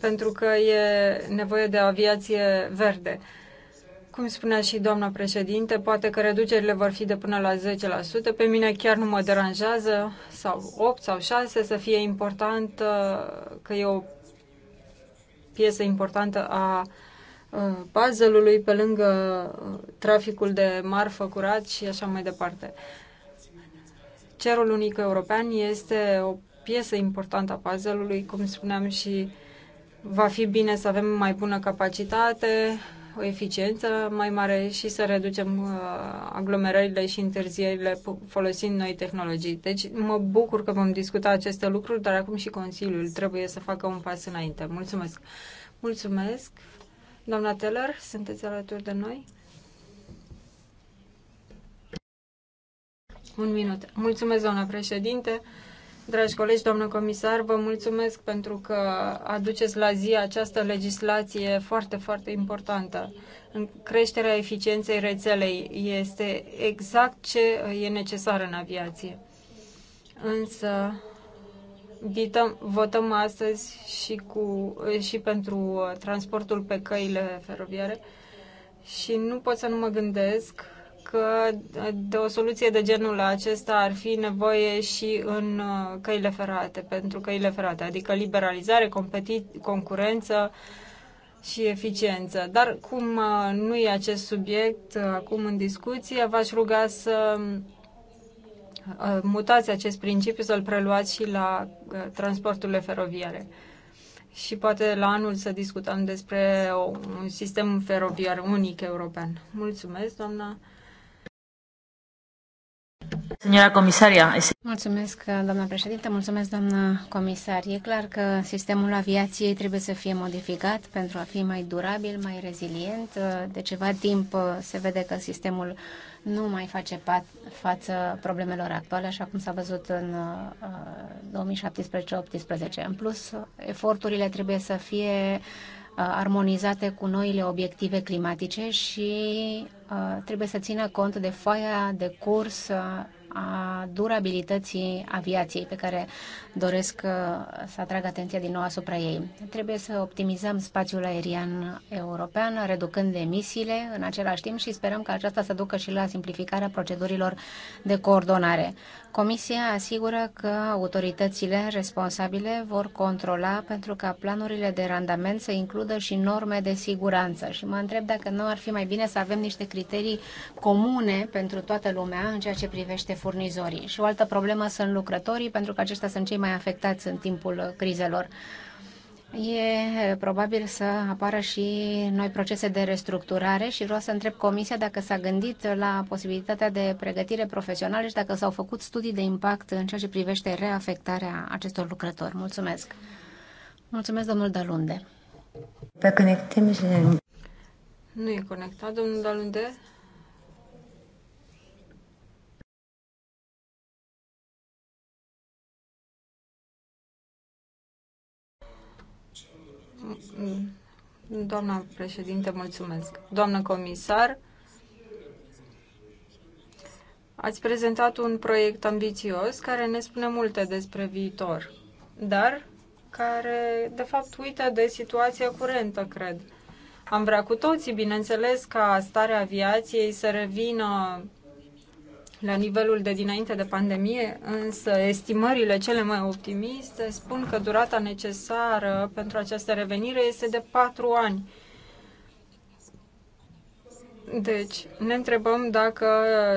pentru că e nevoie de aviație verde. Cum spunea și doamna președinte, poate că reducerile vor fi de până la 10%. Pe mine chiar nu mă deranjează, sau 8 sau 6, să fie important că e o piesă importantă a uh, Uh, puzzle-ului, pe lângă uh, traficul de marfă curat și așa mai departe. Cerul unic european este o piesă importantă a puzzle-ului, cum spuneam și va fi bine să avem mai bună capacitate, o eficiență mai mare și să reducem uh, aglomerările și întârzierile folosind noi tehnologii. Deci mă bucur că vom discuta aceste lucruri, dar acum și Consiliul trebuie să facă un pas înainte. Mulțumesc! Mulțumesc! Doamna Teller, sunteți alături de noi? Un minut. Mulțumesc, doamna președinte. Dragi colegi, doamnă comisar, vă mulțumesc pentru că aduceți la zi această legislație foarte, foarte importantă. În creșterea eficienței rețelei este exact ce e necesar în aviație. Însă, Ghităm, votăm astăzi și, cu, și pentru uh, transportul pe căile feroviare și nu pot să nu mă gândesc că uh, de o soluție de genul acesta ar fi nevoie și în uh, căile ferate, pentru căile ferate, adică liberalizare, competi- concurență și eficiență. Dar cum nu e acest subiect acum în discuție, v-aș ruga să Uh, mutați acest principiu, să-l preluați și la uh, transporturile feroviare. Și poate la anul să discutăm despre un sistem feroviar unic european. Mulțumesc, doamna. Senora comisaria. Mulțumesc, doamna președintă, mulțumesc, doamna comisar. E clar că sistemul aviației trebuie să fie modificat pentru a fi mai durabil, mai rezilient. De ceva timp se vede că sistemul nu mai face față problemelor actuale, așa cum s-a văzut în 2017-2018. Uh, în plus, eforturile trebuie să fie uh, armonizate cu noile obiective climatice și uh, trebuie să țină cont de foaia de curs a durabilității aviației pe care doresc uh, să atrag atenția din nou asupra ei. Trebuie să optimizăm spațiul aerian european, reducând emisiile în același timp și sperăm că aceasta să ducă și la simplificarea procedurilor de coordonare. Comisia asigură că autoritățile responsabile vor controla pentru ca planurile de randament să includă și norme de siguranță. Și mă întreb dacă nu ar fi mai bine să avem niște criterii comune pentru toată lumea în ceea ce privește furnizorii. Și o altă problemă sunt lucrătorii, pentru că aceștia sunt cei mai afectați în timpul crizelor. E probabil să apară și noi procese de restructurare și vreau să întreb Comisia dacă s-a gândit la posibilitatea de pregătire profesională și dacă s-au făcut studii de impact în ceea ce privește reafectarea acestor lucrători. Mulțumesc! Mulțumesc, domnul Dalunde! Pe conectăm și... Nu e conectat, domnul Dalunde? Doamna președinte, mulțumesc. Doamnă comisar, ați prezentat un proiect ambițios care ne spune multe despre viitor, dar care, de fapt, uită de situația curentă, cred. Am vrea cu toții, bineînțeles, ca starea aviației să revină la nivelul de dinainte de pandemie, însă estimările cele mai optimiste spun că durata necesară pentru această revenire este de patru ani. Deci, ne întrebăm dacă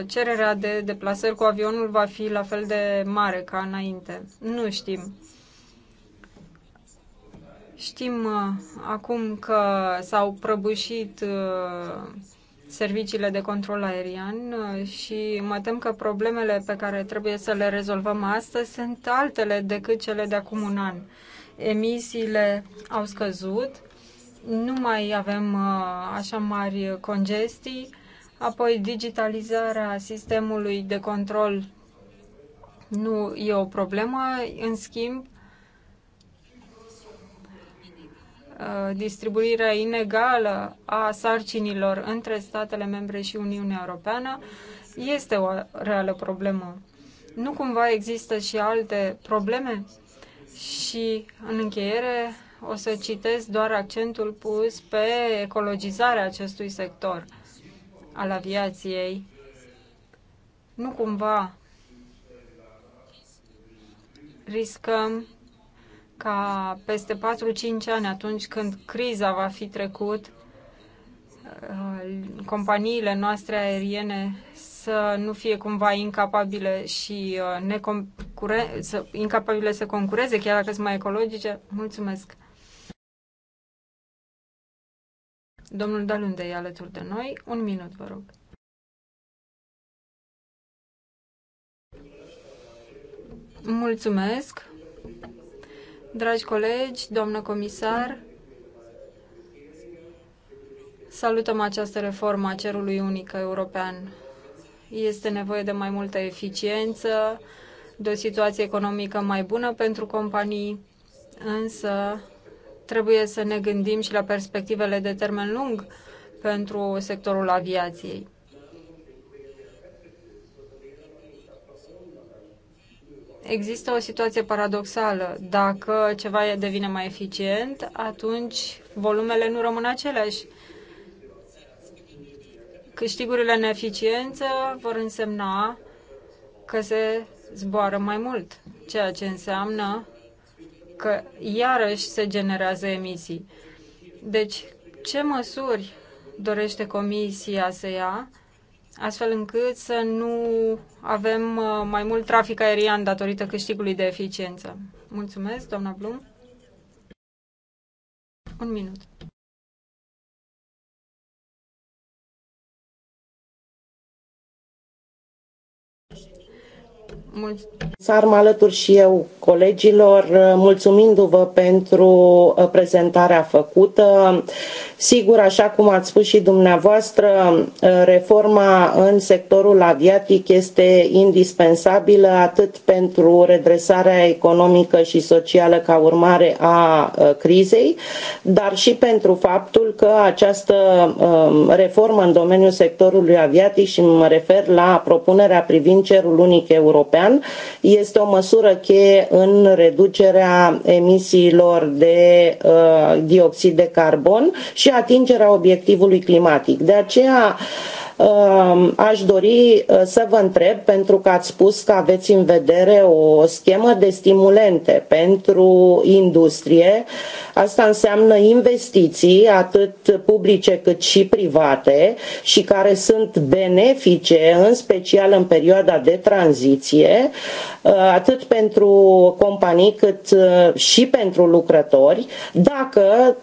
cererea de deplasări cu avionul va fi la fel de mare ca înainte. Nu știm. Știm uh, acum că s-au prăbușit uh, serviciile de control aerian uh, și mă tem că problemele pe care trebuie să le rezolvăm astăzi sunt altele decât cele de acum un an. Emisiile au scăzut, nu mai avem uh, așa mari congestii, apoi digitalizarea sistemului de control nu e o problemă, în schimb Uh, distribuirea inegală a sarcinilor între statele membre și Uniunea Europeană este o reală problemă. Nu cumva există și alte probleme? Și în încheiere o să citesc doar accentul pus pe ecologizarea acestui sector al aviației. Nu cumva riscăm ca peste 4-5 ani, atunci când criza va fi trecut, uh, companiile noastre aeriene să nu fie cumva incapabile și uh, să, incapabile să concureze, chiar dacă sunt mai ecologice. Mulțumesc! Domnul Dalunde e alături de noi. Un minut, vă rog. Mulțumesc! Dragi colegi, doamnă comisar, salutăm această reformă a cerului unic european. Este nevoie de mai multă eficiență, de o situație economică mai bună pentru companii, însă trebuie să ne gândim și la perspectivele de termen lung pentru sectorul aviației. există o situație paradoxală. Dacă ceva devine mai eficient, atunci volumele nu rămân aceleași. Câștigurile în eficiență vor însemna că se zboară mai mult, ceea ce înseamnă că iarăși se generează emisii. Deci, ce măsuri dorește Comisia să ia astfel încât să nu avem uh, mai mult trafic aerian datorită câștigului de eficiență. Mulțumesc, doamna Blum. Un minut. Sar, mă alătur și eu colegilor, uh, mulțumindu-vă pentru uh, prezentarea făcută. Sigur, așa cum ați spus și dumneavoastră, uh, reforma în sectorul aviatic este indispensabilă atât pentru redresarea economică și socială ca urmare a crizei, dar și pentru faptul că această um, reformă în domeniul sectorului aviatic și mă refer la propunerea privind cerul unic european, european este o măsură cheie în reducerea emisiilor de uh, dioxid de carbon și atingerea obiectivului climatic. De aceea uh, Ehm, aș dori eh, să vă întreb, pentru că ați spus că aveți în vedere o schemă de stimulente pentru industrie, asta înseamnă investiții atât publice cât și private și care sunt benefice, în special în perioada de tranziție, eh, atât pentru companii cât eh, și pentru lucrători, dacă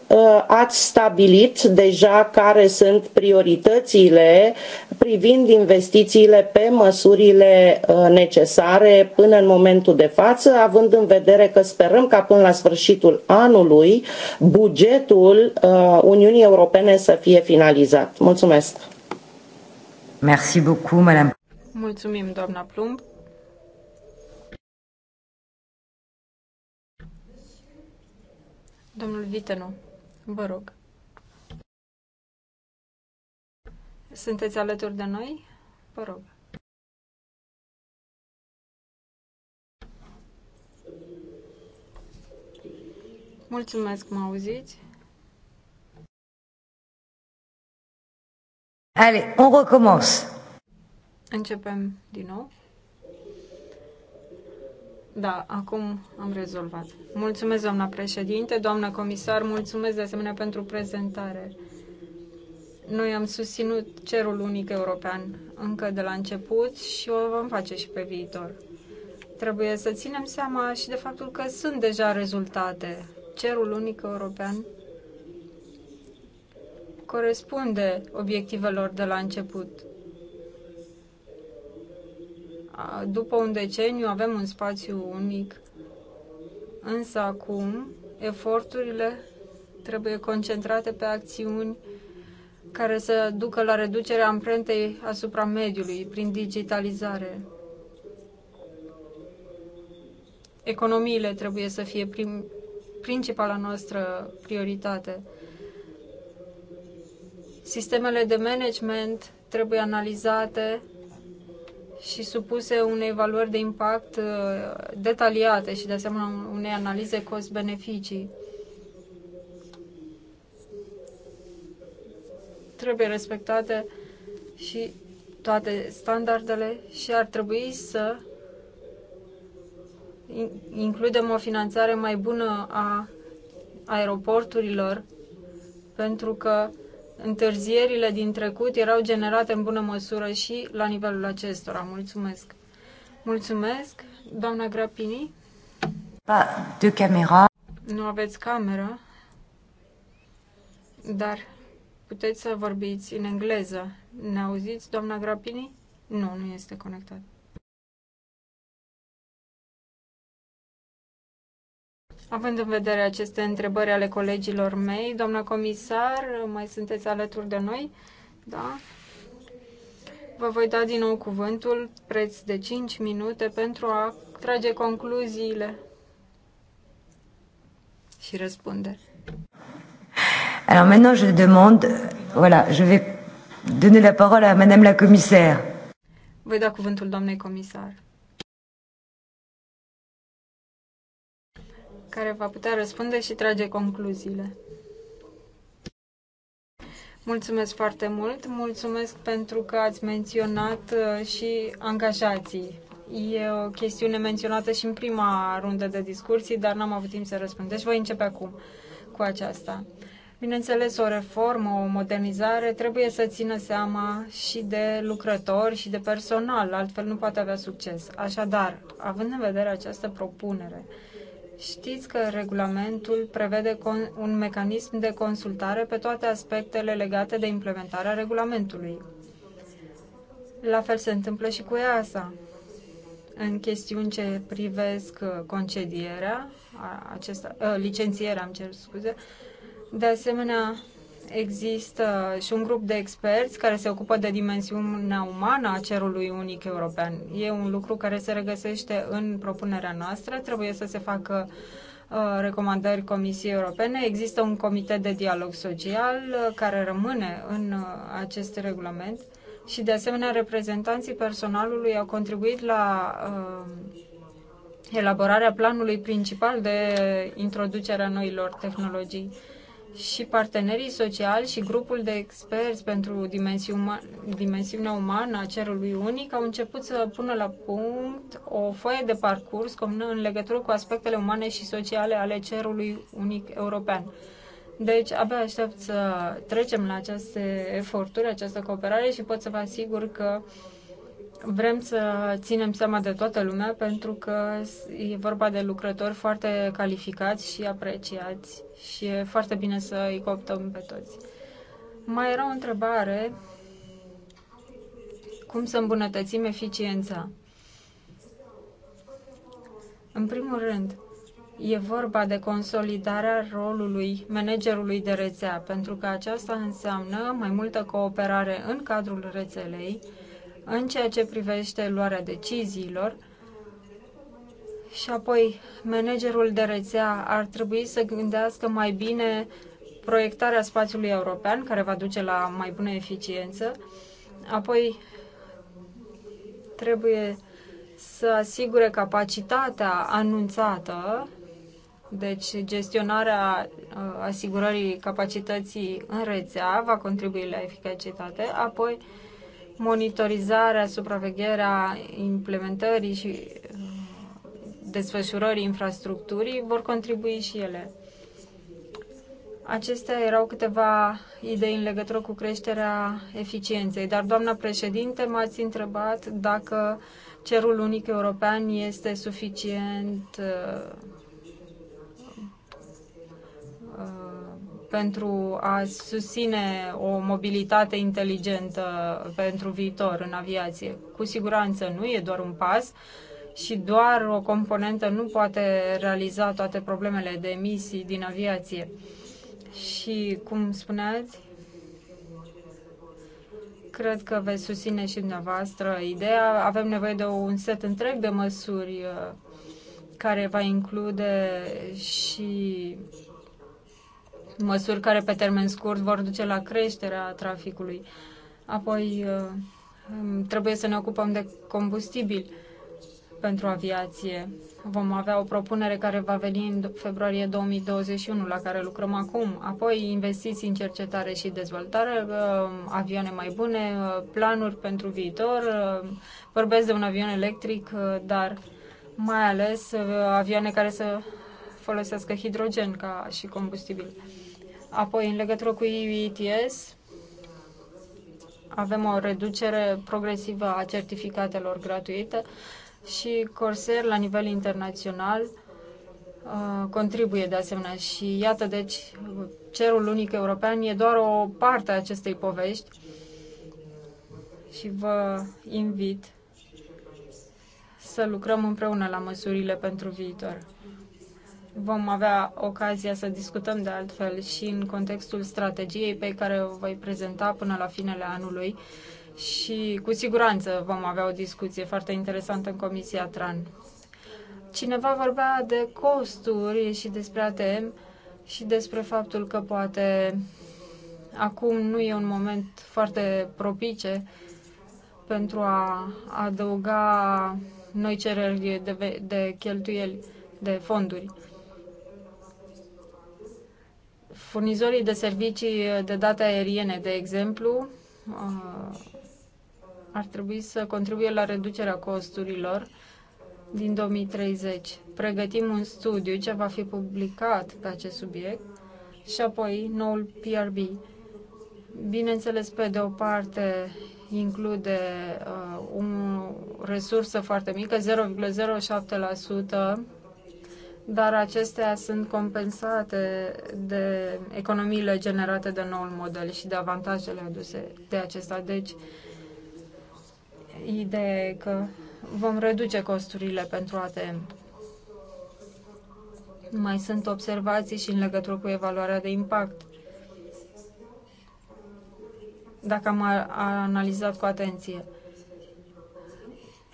ați stabilit deja care sunt prioritățile privind investițiile pe măsurile uh, necesare până în momentul de față, având în vedere că sperăm ca până la sfârșitul anului bugetul uh, Uniunii Europene să fie finalizat. Mulțumesc! Merci beaucoup, madame. Mulțumim, doamna Plumb. Domnul Vitenu, vă rog. Sunteți alături de noi? Vă rog. Mulțumesc, mă auziți? Allez, on recommence. Începem din nou. Da, acum am rezolvat. Mulțumesc, doamna președinte, doamna comisar, mulțumesc de asemenea pentru prezentare. Noi am susținut cerul unic european încă de la început și o vom face și pe viitor. Trebuie să ținem seama și de faptul că sunt deja rezultate. Cerul unic european corespunde obiectivelor de la început. După un deceniu avem un spațiu unic, însă acum eforturile trebuie concentrate pe acțiuni care să ducă la reducerea amprentei asupra mediului prin digitalizare. Economiile trebuie să fie prim, principala noastră prioritate. Sistemele de management trebuie analizate și supuse unei valori de impact uh, detaliate și de asemenea unei analize cost-beneficii. trebuie respectate și toate standardele și ar trebui să includem o finanțare mai bună a aeroporturilor pentru că întârzierile din trecut erau generate în bună măsură și la nivelul acestora. Mulțumesc! Mulțumesc, doamna Grapini. de Nu aveți cameră, dar puteți să vorbiți în engleză. Ne auziți, doamna Grapini? Nu, nu este conectat. Având în vedere aceste întrebări ale colegilor mei, doamna comisar, mai sunteți alături de noi? Da? Vă voi da din nou cuvântul, preț de 5 minute, pentru a trage concluziile și răspunde. Alors maintenant, je demande, voilà, je vais donner la parole à Madame la Commissaire. Voi da cuvântul doamnei comisar. care va putea răspunde și trage concluziile. Mulțumesc foarte mult, mulțumesc pentru că ați menționat uh, și angajații. E o chestiune menționată și în prima rundă de discursii, dar n-am avut timp să răspund. Deci voi începe acum cu aceasta. Bineînțeles, o reformă, o modernizare trebuie să țină seama și de lucrători și de personal, altfel nu poate avea succes. Așadar, având în vedere această propunere, știți că regulamentul prevede un mecanism de consultare pe toate aspectele legate de implementarea regulamentului. La fel se întâmplă și cu EASA. În chestiuni ce privesc uh, concedierea, acesta, uh, licențierea, am cer scuze, de asemenea, există și un grup de experți care se ocupă de dimensiunea umană a cerului unic european. E un lucru care se regăsește în propunerea noastră. Trebuie să se facă uh, recomandări Comisiei Europene. Există un comitet de dialog social uh, care rămâne în uh, acest regulament și, de asemenea, reprezentanții personalului au contribuit la elaborarea planului principal de introducere a noilor tehnologii și partenerii sociali și grupul de experți pentru dimensiunea umană a cerului unic au început să pună la punct o foaie de parcurs comună în legătură cu aspectele umane și sociale ale cerului unic european. Deci abia aștept să trecem la aceste eforturi, această cooperare și pot să vă asigur că uh, Vrem să ținem seama de toată lumea pentru că e vorba de lucrători foarte calificați și apreciați și e foarte bine să îi cooptăm pe toți. Mai era o întrebare, cum să îmbunătățim eficiența? În primul rând, e vorba de consolidarea rolului managerului de rețea, pentru că aceasta înseamnă mai multă cooperare în cadrul rețelei, în ceea ce privește luarea deciziilor și apoi managerul de rețea ar trebui să gândească mai bine proiectarea spațiului european, care va duce la mai bună eficiență. Apoi trebuie să asigure capacitatea anunțată, deci gestionarea uh, asigurării capacității în rețea va contribui la eficacitate. Apoi monitorizarea, supravegherea implementării și uh, desfășurării infrastructurii vor contribui și ele. Acestea erau câteva idei în legătură cu creșterea eficienței, dar doamna președinte m-ați întrebat dacă cerul unic european este suficient uh, pentru a susține o mobilitate inteligentă pentru viitor în aviație. Cu siguranță nu e doar un pas și doar o componentă nu poate realiza toate problemele de emisii din aviație. Și, cum spuneați, cred că veți susține și dumneavoastră ideea. Avem nevoie de un set întreg de măsuri uh, care va include și măsuri care pe termen scurt vor duce la creșterea traficului. Apoi uh, trebuie să ne ocupăm de combustibil pentru aviație. Vom avea o propunere care va veni în februarie 2021, la care lucrăm acum. Apoi investiții în cercetare și dezvoltare, uh, avioane mai bune, uh, planuri pentru viitor. Vorbesc de un avion electric, dar mai ales avioane care să folosească hidrogen ca și combustibil. Apoi, în legătură cu EU ETS, avem o reducere progresivă a certificatelor gratuite și Corsair, la nivel internațional, uh, contribuie de asemenea. Și iată, deci, cerul unic european e doar o parte a acestei povești și vă invit să lucrăm împreună la măsurile pentru viitor. Vom avea ocazia să discutăm de altfel și în contextul strategiei pe care o voi prezenta până la finele anului și cu siguranță vom avea o discuție foarte interesantă în Comisia TRAN. Cineva vorbea de costuri și despre ATM și despre faptul că poate acum nu e un moment foarte propice pentru a adăuga noi cereri de, de cheltuieli de fonduri furnizorii de servicii de date aeriene, de exemplu, uh, ar trebui să contribuie la reducerea costurilor din 2030. Pregătim un studiu ce va fi publicat pe acest subiect și apoi noul PRB. Bineînțeles, pe de o parte include uh, o resursă foarte mică, 0,07% dar acestea sunt compensate de economiile generate de noul model și de avantajele aduse de acesta. Deci, ideea e că vom reduce costurile pentru ATM. Mai sunt observații și în legătură cu evaluarea de impact. Dacă am analizat cu atenție.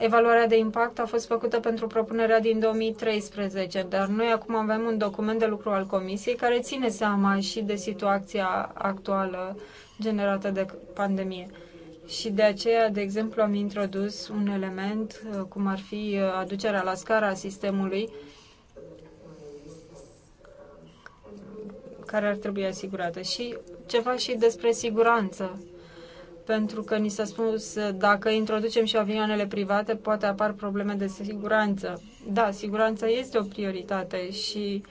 Evaluarea de impact a fost făcută pentru propunerea din 2013, dar noi acum avem un document de lucru al Comisiei care ține seama și de situația actuală generată de pandemie. Și de aceea, de exemplu, am introdus un element, uh, cum ar fi uh, aducerea la scara sistemului, care ar trebui asigurată. Și ceva și despre siguranță pentru că ni s-a spus dacă introducem și avioanele private, poate apar probleme de siguranță. Da, siguranța este o prioritate și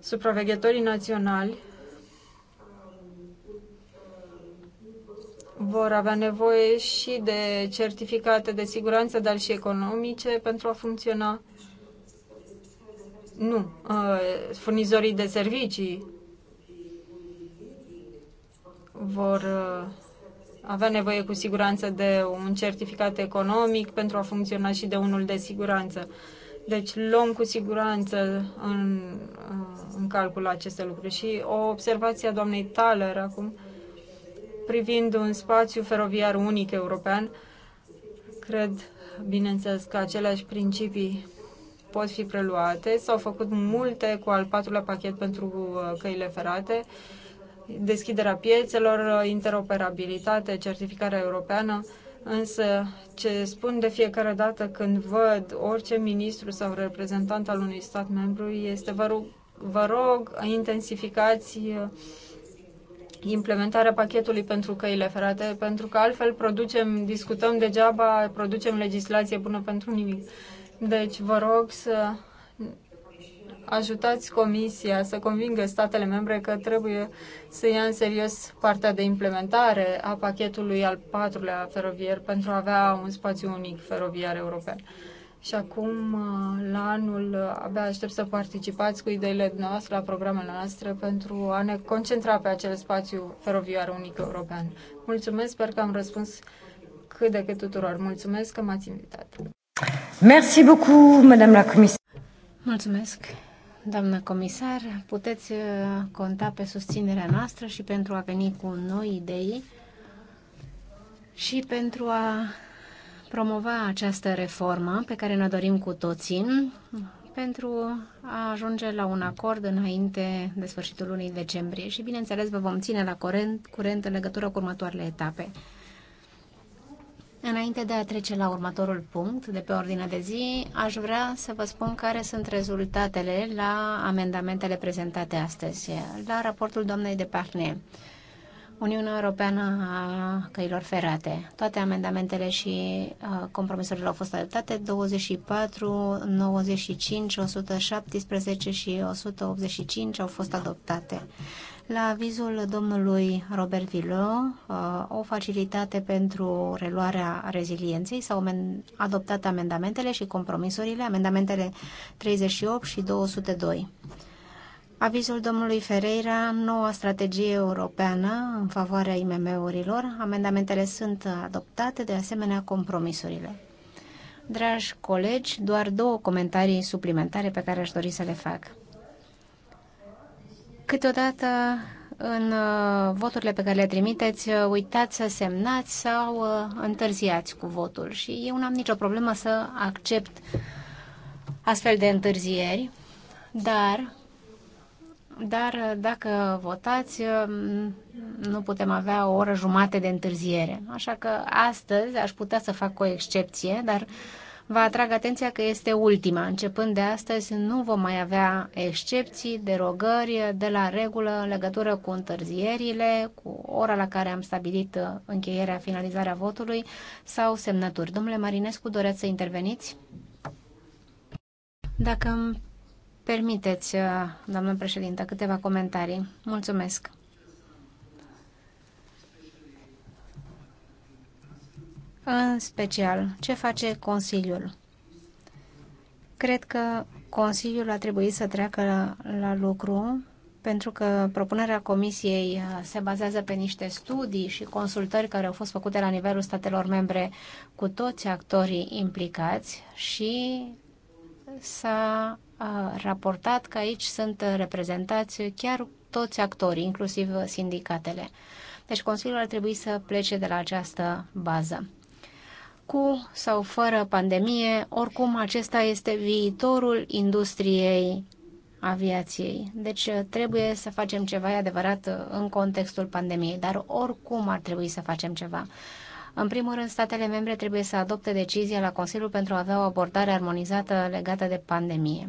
supraveghetorii naționali vor avea nevoie și de certificate de siguranță, dar și economice pentru a funcționa. Nu, ă, furnizorii de servicii vor ă, avea nevoie cu siguranță de un certificat economic pentru a funcționa și de unul de siguranță. Deci luăm cu siguranță în, în calcul aceste lucruri. Și o observație a doamnei Thaler acum, privind un spațiu feroviar unic european, cred, bineînțeles, că aceleași principii pot fi preluate. S-au făcut multe cu al patrulea pachet pentru uh, căile ferate deschiderea piețelor, interoperabilitate, certificarea europeană, însă ce spun de fiecare dată când văd orice ministru sau reprezentant al unui stat membru este vă rog, vă rog intensificați uh, implementarea pachetului pentru căile ferate, pentru că altfel producem, discutăm degeaba, producem legislație bună pentru nimic. Deci vă rog să ajutați Comisia să convingă statele membre că trebuie să ia în serios partea de implementare a pachetului al patrulea feroviar pentru a avea un spațiu unic feroviar european. Și acum, uh, la anul, uh, abia aștept să participați cu ideile noastre la programele noastre pentru a ne concentra pe acel spațiu feroviar unic european. Mulțumesc, sper că am răspuns cât de cât tuturor. Mulțumesc că m-ați invitat. Merci beaucoup, Madame la Comisie. Mulțumesc doamnă comisar, puteți uh, conta pe susținerea noastră și pentru a veni cu noi idei și pentru a promova această reformă pe care ne dorim cu toții pentru a ajunge la un acord înainte de sfârșitul lunii decembrie și, bineînțeles, vă vom ține la curent, curent în legătură cu următoarele etape. Înainte de a trece la următorul punct de pe ordinea de zi, aș vrea să vă spun care sunt rezultatele la amendamentele prezentate astăzi, la raportul doamnei de Parne. Uniunea Europeană a Căilor Ferate. Toate amendamentele și uh, compromisurile au fost adoptate, 24, 95, 117 și 185 au fost adoptate la avizul domnului Robert Villot, uh, o facilitate pentru reluarea rezilienței, s-au adoptat amendamentele și compromisurile, amendamentele 38 și 202. Avizul domnului Ferreira, noua strategie europeană în favoarea IMM-urilor, amendamentele sunt adoptate, de asemenea compromisurile. Dragi colegi, doar două comentarii suplimentare pe care aș dori să le fac. Câteodată în uh, voturile pe care le trimiteți, uh, uitați să semnați sau uh, întârziați cu votul. Și eu n-am nicio problemă să accept astfel de întârzieri, dar, dar dacă votați, nu putem avea o oră jumate de întârziere. Așa că astăzi aș putea să fac o excepție, dar uh, Vă atrag atenția că este ultima. Începând de astăzi nu vom mai avea excepții, derogări de la regulă în legătură cu întârzierile, cu ora la care am stabilit încheierea, finalizarea votului sau semnături. Domnule Marinescu, doreți să interveniți? Dacă îmi permiteți, doamnă președintă, câteva comentarii. Mulțumesc. În special, ce face Consiliul? Cred că Consiliul a trebuit să treacă la, la lucru pentru că propunerea Comisiei uh, se bazează pe niște studii și consultări care au fost făcute la nivelul statelor membre cu toți actorii implicați și s-a uh, raportat că aici sunt reprezentați chiar toți actorii, inclusiv sindicatele. Deci Consiliul ar trebui să plece de la această bază cu sau fără pandemie, oricum acesta este viitorul industriei aviației. Deci uh, trebuie să facem ceva, e adevărat, uh, în contextul pandemiei, dar oricum ar trebui să facem ceva. În primul rând, statele membre trebuie să adopte decizia la Consiliu pentru a avea o abordare armonizată legată de pandemie.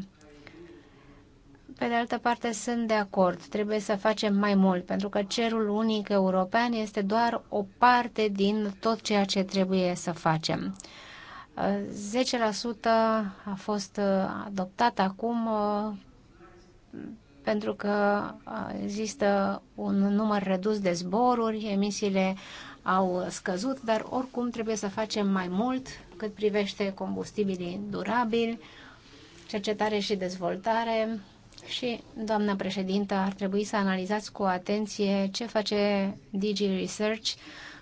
Pe de altă parte, sunt de acord. Trebuie să facem mai mult, pentru că cerul unic european este doar o parte din tot ceea ce trebuie să facem. 10% a fost adoptat acum pentru că există un număr redus de zboruri, emisiile au scăzut, dar oricum trebuie să facem mai mult cât privește combustibilii durabili, cercetare și dezvoltare, și, doamna președintă, ar trebui să analizați cu atenție ce face Digi Research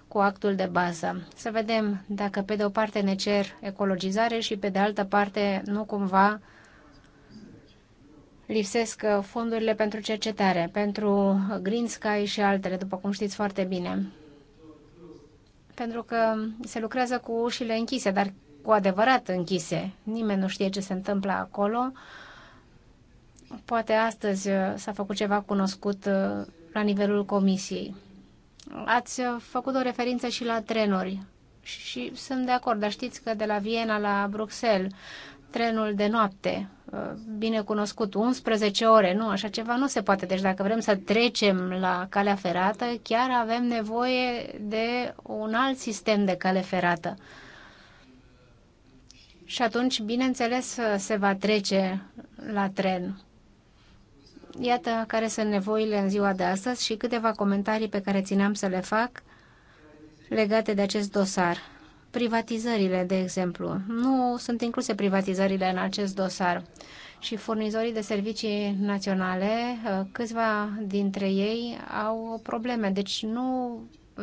cu actul de bază. Să vedem dacă pe de o parte ne cer ecologizare și pe de altă parte nu cumva lipsesc fondurile pentru cercetare, pentru Green Sky și altele, după cum știți foarte bine. Pentru că se lucrează cu ușile închise, dar cu adevărat închise. Nimeni nu știe ce se întâmplă acolo Poate astăzi uh, s-a făcut ceva cunoscut uh, la nivelul comisiei. Ați uh, făcut o referință și la trenuri și sunt de acord, dar știți că de la Viena la Bruxelles, trenul de noapte, bine cunoscut, 11 ore, nu, așa ceva nu se poate. Deci dacă vrem să trecem la calea ferată, chiar avem nevoie de un alt sistem de cale ferată. Și atunci, bineînțeles, se va trece la tren. Iată care sunt nevoile în ziua de astăzi și câteva comentarii pe care țineam să le fac legate de acest dosar. Privatizările, de exemplu. Nu sunt incluse privatizările în acest dosar. Și furnizorii de servicii naționale, uh, câțiva dintre ei au probleme. Deci nu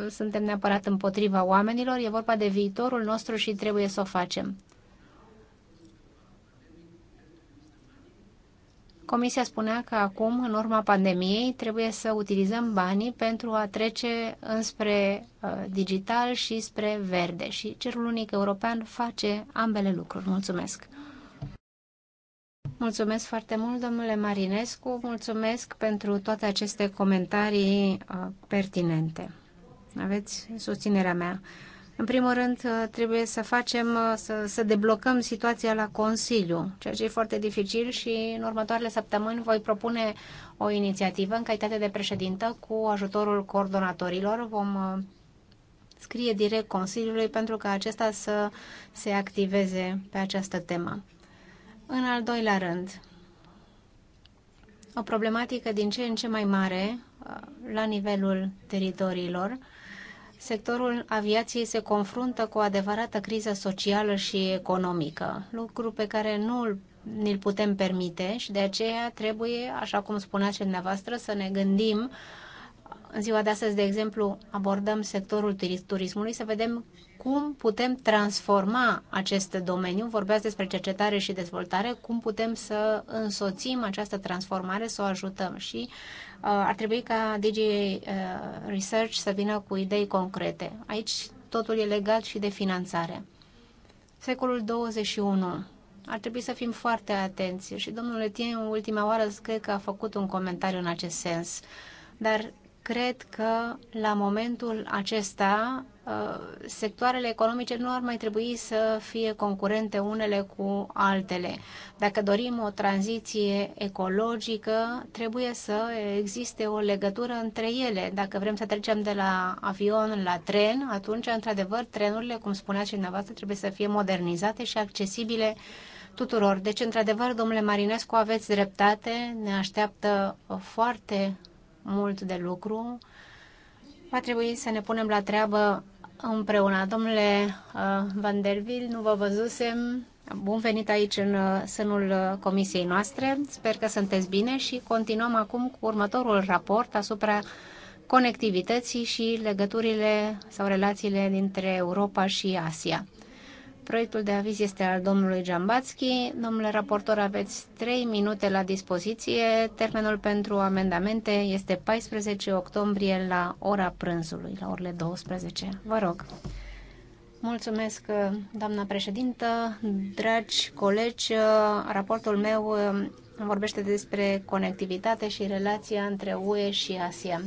suntem neapărat împotriva oamenilor, e vorba de viitorul nostru și trebuie să o facem. Comisia spunea că acum, în urma pandemiei, trebuie să utilizăm banii pentru a trece înspre uh, digital și spre verde. Și Cerul Unic European face ambele lucruri. Mulțumesc! Mulțumesc foarte mult, domnule Marinescu. Mulțumesc pentru toate aceste comentarii uh, pertinente. Aveți susținerea mea. În primul rând, uh, trebuie să facem, uh, să, să deblocăm situația la Consiliu, ceea ce e foarte dificil și în următoarele săptămâni voi propune o inițiativă în calitate de președintă cu ajutorul coordonatorilor. Vom uh, scrie direct Consiliului pentru ca acesta să se activeze pe această temă. În al doilea rând, o problematică din ce în ce mai mare la nivelul teritoriilor sectorul aviației se confruntă cu o adevărată criză socială și economică, lucru pe care nu îl putem permite și de aceea trebuie, așa cum spuneați și dumneavoastră, să ne gândim în ziua de astăzi, de exemplu, abordăm sectorul turismului, să vedem cum putem transforma acest domeniu, vorbeați despre cercetare și dezvoltare, cum putem să însoțim această transformare, să o ajutăm și uh, ar trebui ca DG uh, Research să vină cu idei concrete. Aici totul e legat și de finanțare. Secolul 21. Ar trebui să fim foarte atenți și domnul în ultima oară, cred că a făcut un comentariu în acest sens. Dar cred că la momentul acesta Uh, sectoarele economice nu ar mai trebui să fie concurente unele cu altele. Dacă dorim o tranziție ecologică, trebuie să existe o legătură între ele. Dacă vrem să trecem de la avion la tren, atunci, într-adevăr, trenurile, cum spuneați și dumneavoastră, trebuie să fie modernizate și accesibile tuturor. Deci, într-adevăr, domnule Marinescu, aveți dreptate, ne așteaptă foarte mult de lucru. Va trebui să ne punem la treabă împreună. Domnule uh, Vandervil, nu vă văzusem. Bun venit aici în uh, sânul uh, comisiei noastre. Sper că sunteți bine și continuăm acum cu următorul raport asupra conectivității și legăturile sau relațiile dintre Europa și Asia. Proiectul de aviz este al domnului Jambatski. Domnule raportor, aveți 3 minute la dispoziție. Termenul pentru amendamente este 14 octombrie la ora prânzului, la orele 12. Vă rog. Mulțumesc, doamna președintă, dragi colegi. Raportul meu uh, vorbește despre conectivitate și relația între UE și Asia.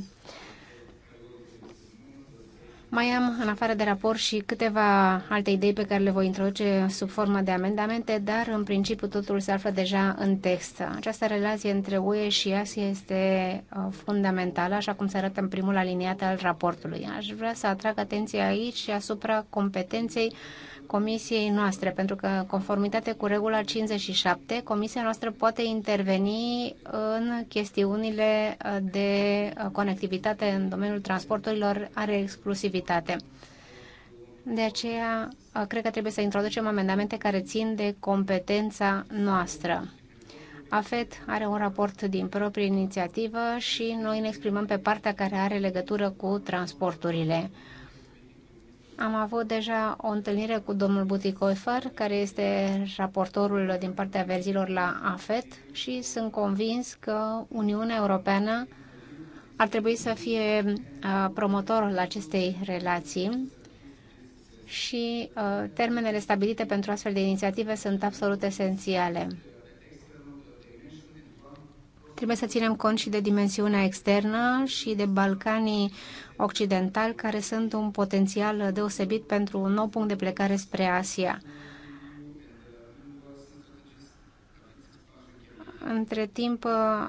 Mai am, în afară de raport, și câteva alte idei pe care le voi introduce sub formă de amendamente, dar în principiu totul se află deja în text. Această relație între UE și Asia este uh, fundamentală, așa cum se arată în primul aliniat al raportului. Aș vrea să atrag atenția aici asupra competenței comisiei noastre, pentru că, conformitate cu regula 57, comisia noastră poate interveni în chestiunile uh, de uh, conectivitate în domeniul transporturilor, are exclusivitate. De aceea, uh, cred că trebuie să introducem amendamente care țin de competența noastră. AFET are un raport din proprie inițiativă și noi ne exprimăm pe partea care are legătură cu transporturile. Am avut deja o întâlnire cu domnul Buticoifer, care este raportorul din partea verzilor la AFET și sunt convins că Uniunea Europeană ar trebui să fie promotorul acestei relații și termenele stabilite pentru astfel de inițiative sunt absolut esențiale. Trebuie să ținem cont și de dimensiunea externă și de Balcanii Occidentali, care sunt un potențial deosebit pentru un nou punct de plecare spre Asia. Între timp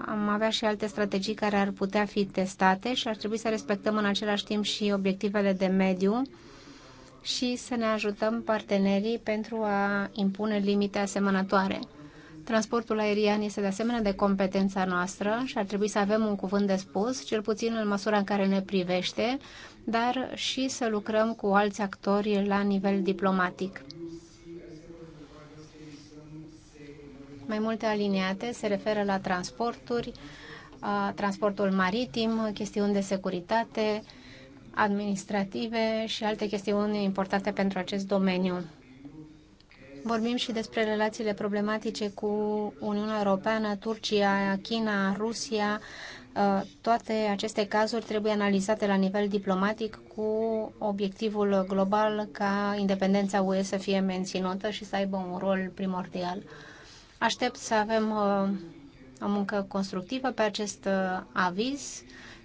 am avea și alte strategii care ar putea fi testate și ar trebui să respectăm în același timp și obiectivele de mediu și să ne ajutăm partenerii pentru a impune limite asemănătoare. Transportul aerian este de asemenea de competența noastră și ar trebui să avem un cuvânt de spus, cel puțin în măsura în care ne privește, dar și să lucrăm cu alți actori la nivel diplomatic. Mai multe aliniate se referă la transporturi, transportul maritim, chestiuni de securitate, administrative și alte chestiuni importante pentru acest domeniu. Vorbim și despre relațiile problematice cu Uniunea Europeană, Turcia, China, Rusia. Uh, toate aceste cazuri trebuie analizate la nivel diplomatic cu obiectivul global ca independența UE să fie menținută și să aibă un rol primordial. Aștept să avem uh, o muncă constructivă pe acest uh, aviz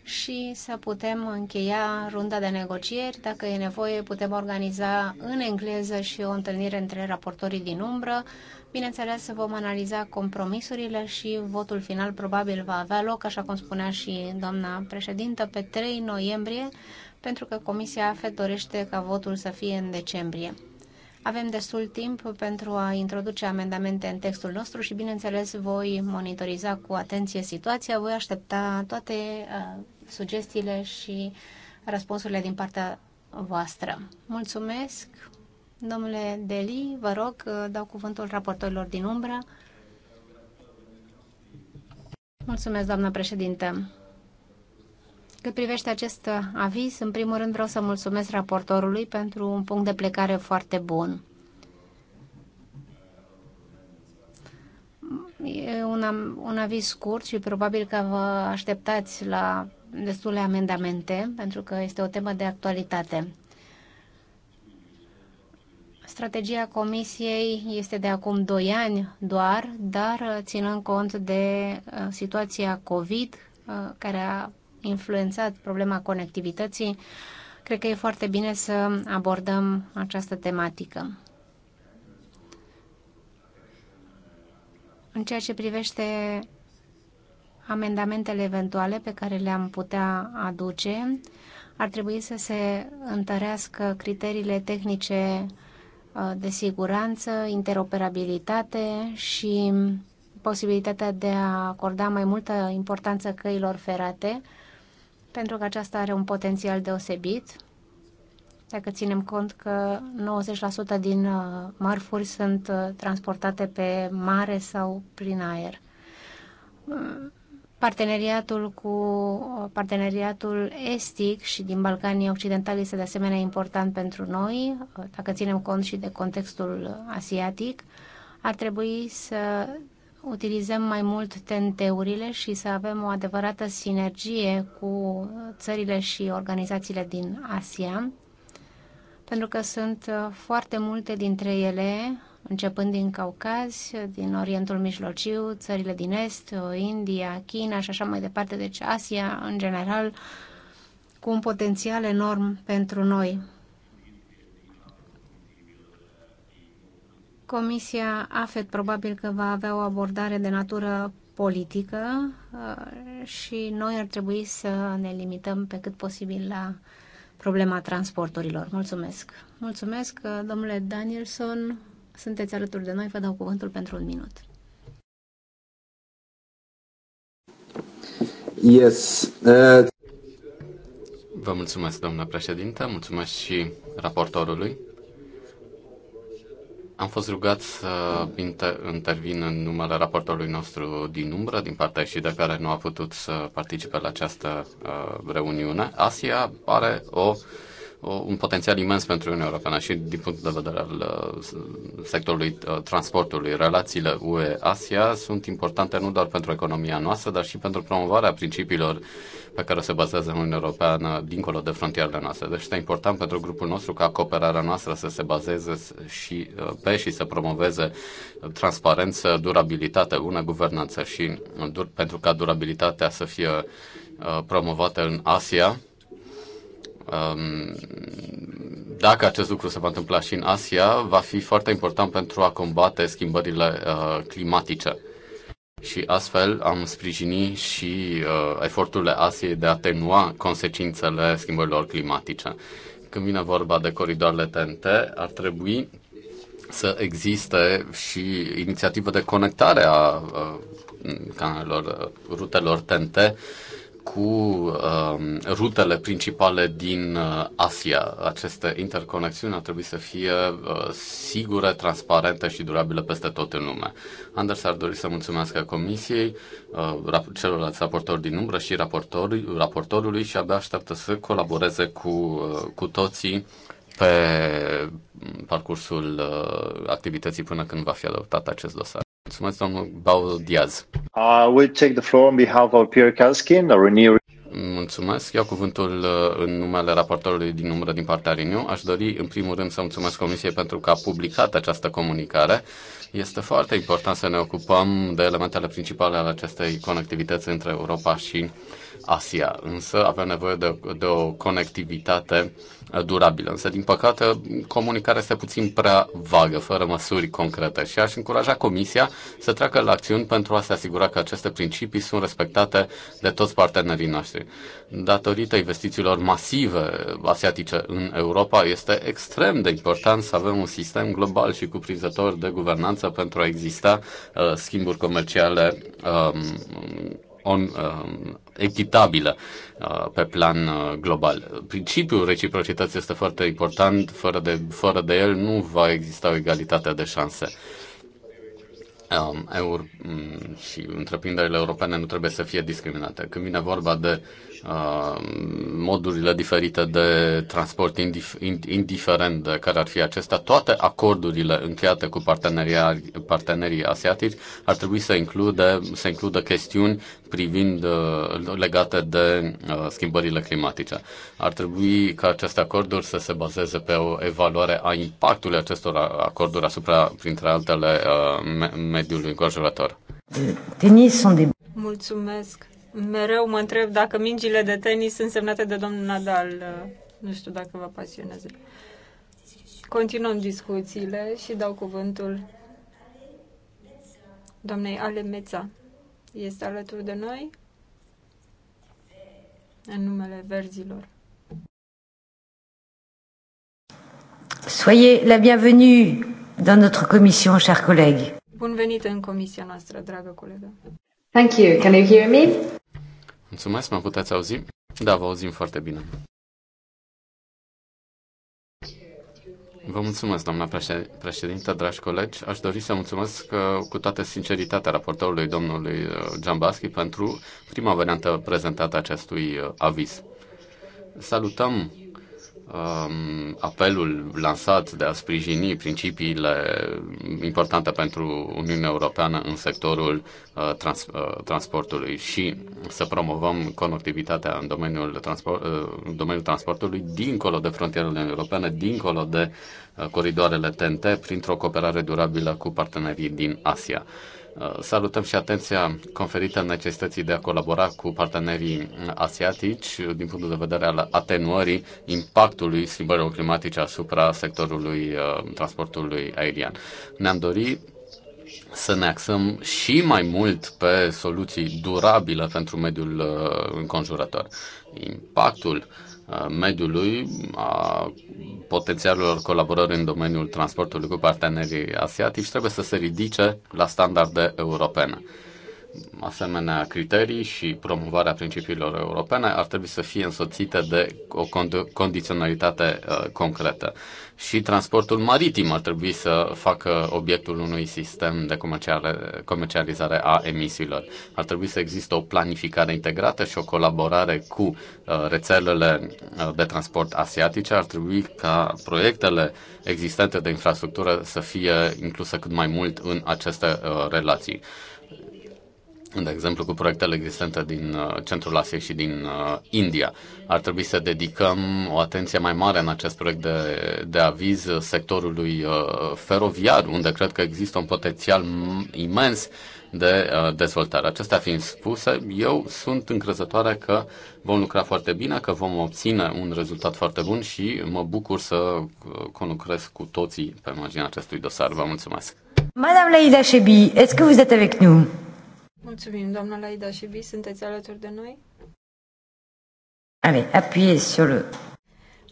și să putem încheia runda de negocieri. Dacă e nevoie, putem organiza în engleză și o întâlnire între raportorii din umbră. Bineînțeles, vom analiza compromisurile și votul final probabil va avea loc, așa cum spunea și doamna președintă, pe 3 noiembrie, pentru că Comisia AFET dorește ca votul să fie în decembrie. Avem destul timp pentru a introduce amendamente în textul nostru și, bineînțeles, voi monitoriza cu atenție situația, voi aștepta toate uh, sugestiile și răspunsurile din partea voastră. Mulțumesc! Domnule Deli, vă rog, uh, dau cuvântul raportorilor din umbră. Mulțumesc, doamnă președintă. Cât privește acest uh, aviz, în primul rând vreau să mulțumesc raportorului pentru un punct de plecare foarte bun. E un, un aviz scurt și probabil că vă așteptați la destule amendamente, pentru că este o temă de actualitate. Strategia Comisiei este de acum 2 ani doar, dar ținând cont de uh, situația COVID, uh, care a influențat problema conectivității, cred că e foarte bine să abordăm această tematică. În ceea ce privește amendamentele eventuale pe care le-am putea aduce. Ar trebui să se întărească criteriile tehnice uh, de siguranță, interoperabilitate și posibilitatea de a acorda mai multă importanță căilor ferate, pentru că aceasta are un potențial deosebit. Dacă ținem cont că 90% din uh, marfuri sunt uh, transportate pe mare sau prin aer. Mm, Parteneriatul cu uh, parteneriatul estic și din Balcanii Occidentali este de asemenea important pentru noi, uh, dacă ținem cont și de contextul uh, asiatic. Ar trebui să utilizăm mai mult tenteurile și să avem o adevărată sinergie cu țările și organizațiile din Asia, pentru că sunt foarte multe dintre ele începând din Caucaz, din Orientul Mijlociu, țările din Est, India, China și așa mai departe, deci Asia în general, cu un potențial enorm pentru noi. Comisia AFET probabil că va avea o abordare de natură politică uh, și noi ar trebui să ne limităm pe cât posibil la problema transporturilor. Mulțumesc! Mulțumesc, uh, domnule Danielson! sunteți alături de noi, vă dau cuvântul pentru un minut. Yes. Uh... Vă mulțumesc, doamna președintă, mulțumesc și raportorului. Am fost rugat să intervin în numele raportorului nostru din umbră, din partea și de care nu a putut să participe la această uh, reuniune. Asia are o uh, un potențial imens pentru Uniunea Europeană și din punct de vedere al uh, sectorului uh, transportului. Relațiile UE-Asia sunt importante nu doar pentru economia noastră, dar și pentru promovarea principiilor pe care se bazează Uniunea Europeană dincolo de frontierele noastre. Deci este important pentru grupul nostru ca cooperarea noastră să se bazeze și uh, pe și să promoveze transparență, durabilitate, bună guvernanță și pentru ca durabilitatea să fie promovată în Asia, Um, dacă acest lucru se va întâmpla și în Asia, va fi foarte important pentru a combate schimbările uh, climatice. Și astfel am sprijini și uh, eforturile Asiei de a atenua consecințele schimbărilor climatice. Când vine vorba de coridoarele TNT, ar trebui să existe și inițiativă de conectare a uh, canalelor, rutelor TNT cu uh, rutele principale din uh, Asia. Aceste interconexiuni ar trebui să fie uh, sigure, transparente și durabile peste tot în lume. Anders ar dori să mulțumească Comisiei, uh, rap- celorlalți raportori din umbră și raportori, raportorului și abia așteaptă să colaboreze cu, uh, cu toții pe parcursul uh, activității până când va fi adoptat acest dosar. Mulțumesc, domnul Bau Diaz. Uh, take the floor on behalf of Pierre Kaskin, a Renew Mulțumesc. Iau cuvântul uh, în numele raportorului din umbră din partea Renew. Aș dori, în primul rând, să mulțumesc Comisiei pentru că a publicat această comunicare. Este foarte important să ne ocupăm de elementele principale ale acestei conectivități între Europa și Asia, însă avem nevoie de, de o conectivitate uh, durabilă. Însă, din păcate, comunicarea este puțin prea vagă, fără măsuri concrete și aș încuraja Comisia să treacă la acțiuni pentru a se asigura că aceste principii sunt respectate de toți partenerii noștri. Datorită investițiilor masive asiatice în Europa, este extrem de important să avem un sistem global și cuprinzător de guvernanță pentru a exista uh, schimburi comerciale um, on, um, echitabilă uh, pe plan uh, global. Principiul reciprocității este foarte important, fără de, fără de el nu va exista o egalitate de șanse um, eur, um, și întreprinderile europene nu trebuie să fie discriminate. Când vine vorba de Uh, modurile diferite de transport, indiferent de care ar fi acestea, toate acordurile încheiate cu partenerii, partenerii asiatici ar trebui să, include, să includă chestiuni privind uh, legate de uh, schimbările climatice. Ar trebui ca aceste acorduri să se bazeze pe o evaluare a impactului acestor acorduri asupra, printre altele, mediului înconjurător. Mulțumesc! mereu mă întreb dacă mingile de tenis sunt semnate de domnul Nadal. Nu știu dacă vă pasionează. Continuăm discuțiile și dau cuvântul doamnei Alemeța. Este alături de noi în numele verzilor. Soyez la bienvenue dans notre commission, chers collègues. Bun venit în comisia noastră, dragă colegă. Thank you. Can you hear me? Mulțumesc, mă puteți auzi? Da, vă auzim foarte bine. Vă mulțumesc, doamna președintă, dragi colegi. Aș dori să mulțumesc uh, cu toată sinceritatea raportorului domnului uh, Giambaschi pentru prima variantă prezentată acestui uh, aviz. Salutăm um, apelul lansat de a sprijini principiile importante pentru Uniunea Europeană în sectorul uh, trans, uh, transportului și să promovăm conectivitatea în domeniul, transport, uh, în domeniul transportului dincolo de frontierele europene, dincolo de uh, coridoarele TNT, printr-o cooperare durabilă cu partenerii din Asia. Uh, Salutăm și atenția conferită necesității de a colabora cu partenerii asiatici din punctul de vedere al atenuării impactului schimbărilor climatice asupra sectorului uh, transportului aerian. Ne-am dorit să ne axăm și mai mult pe soluții durabile pentru mediul uh, înconjurător. Impactul uh, Uh, mediului, a potențialelor colaborări în domeniul transportului cu partenerii asiatici trebuie să se ridice la standarde europene asemenea criterii și promovarea principiilor europene ar trebui să fie însoțită de o condiționalitate uh, concretă. Și transportul maritim ar trebui să facă obiectul unui sistem de comercializare a emisiilor. Ar trebui să există o planificare integrată și o colaborare cu uh, rețelele uh, de transport asiatice. Ar trebui ca proiectele existente de infrastructură să fie incluse cât mai mult în aceste relații de exemplu, cu proiectele existente din uh, Centrul Asiei și din uh, India. Ar trebui să dedicăm o atenție mai mare în acest proiect de, de aviz sectorului uh, feroviar, unde cred că există un potențial imens de dezvoltare. Acestea fiind spuse, eu sunt încrezătoare că vom lucra foarte bine, că vom obține un rezultat foarte bun și mă bucur să conlucrez cu toții pe marginea acestui dosar. Vă mulțumesc! Madame Laïda Chebi, est-ce que vous êtes avec nous? Mulțumim, doamna Laida și Bi, sunteți alături de noi? Allez, appuyez sur le...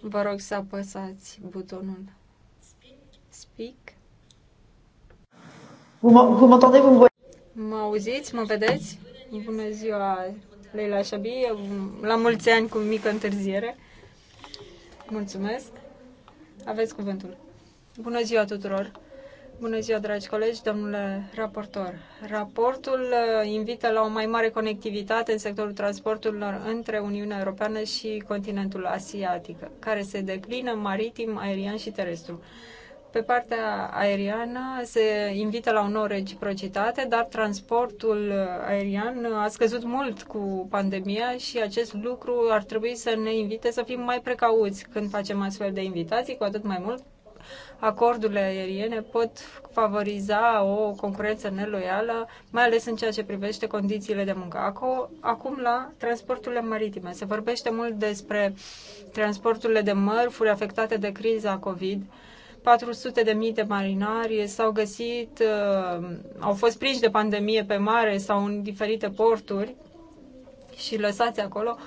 Vă rog să apăsați butonul. Speak. Speak. Vous m'entendez, vous me Mă auziți, mă vedeți? Bună ziua, Leila Șabi, la mulți ani cu mică întârziere. Mulțumesc. Aveți cuvântul. Bună ziua tuturor. Bună ziua, dragi colegi, domnule raportor. Raportul uh, invită la o mai mare conectivitate în sectorul transporturilor între Uniunea Europeană și continentul asiatic, care se declină maritim, aerian și terestru. Pe partea aeriană se invită la o nouă reciprocitate, dar transportul uh, aerian a scăzut mult cu pandemia și acest lucru ar trebui să ne invite să fim mai precauți când facem astfel de invitații, cu atât mai mult acordurile aeriene pot favoriza o concurență neloială, mai ales în ceea ce privește condițiile de muncă. Acum la transporturile maritime. Se vorbește mult despre transporturile de mărfuri afectate de criza COVID. 400 de mii de marinari s-au găsit, uh, au fost prinși de pandemie pe mare sau în diferite porturi și lăsați acolo. Uh,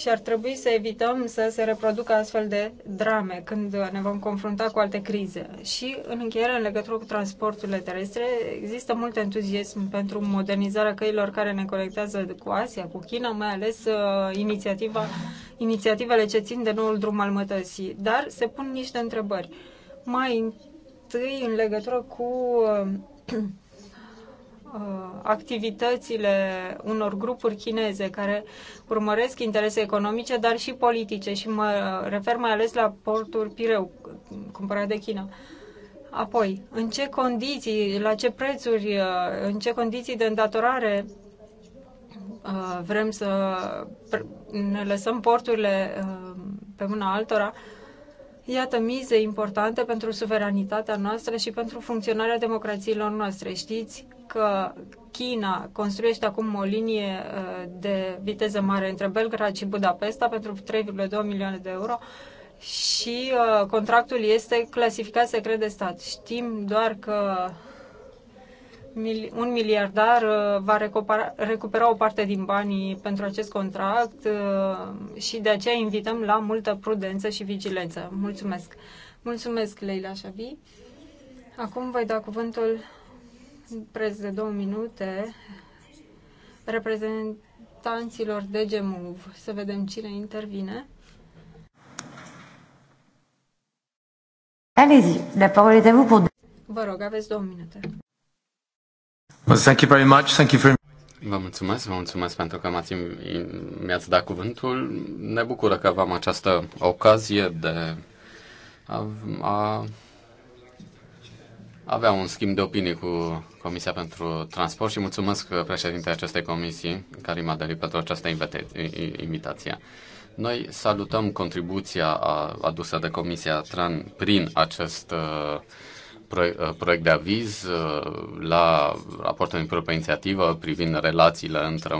și ar trebui să evităm să se reproducă astfel de drame când ne vom confrunta cu alte crize. Și în încheiere, în legătură cu transporturile terestre, există mult entuziasm pentru modernizarea căilor care ne conectează cu Asia, cu China, mai ales uh, inițiativa, inițiativele ce țin de noul drum al mătăsii. Dar se pun niște întrebări. Mai întâi, în legătură cu uh, Uh, activitățile unor grupuri chineze care urmăresc interese economice, dar și politice și mă refer mai ales la portul Pireu, cumpărat de China. Apoi, în ce condiții, la ce prețuri, uh, în ce condiții de îndatorare uh, vrem să ne lăsăm porturile pe mâna altora, Iată mize importante pentru suveranitatea noastră și pentru funcționarea democrațiilor noastre. Știți că China construiește acum o linie uh, de viteză mare între Belgrad și Budapesta pentru 3,2 milioane de euro și uh, contractul este clasificat secret de stat. Știm doar că un miliardar uh, va recupera, recupera o parte din banii pentru acest contract și de aceea invităm la multă prudență și vigilență. Mulțumesc! Mulțumesc, Leila Șabi. Acum voi da cuvântul preț de două minute reprezentanților de Move. Să vedem cine intervine. Allez-y, la parole est à vous pour... Vă rog, aveți două minute. Well, thank you very much. Thank you for. Vă mulțumesc, vă mulțumesc pentru că m-ați, mi-ați dat cuvântul. Ne bucură că avem această ocazie de a, a avea un schimb de opinii cu Comisia pentru Transport și mulțumesc uh, președintele acestei comisii, Karim Adeli, pentru această invitație. Noi salutăm contribuția adusă de Comisia Tran prin acest uh, uh, proiect de aviz la raportul din propria inițiativă privind relațiile între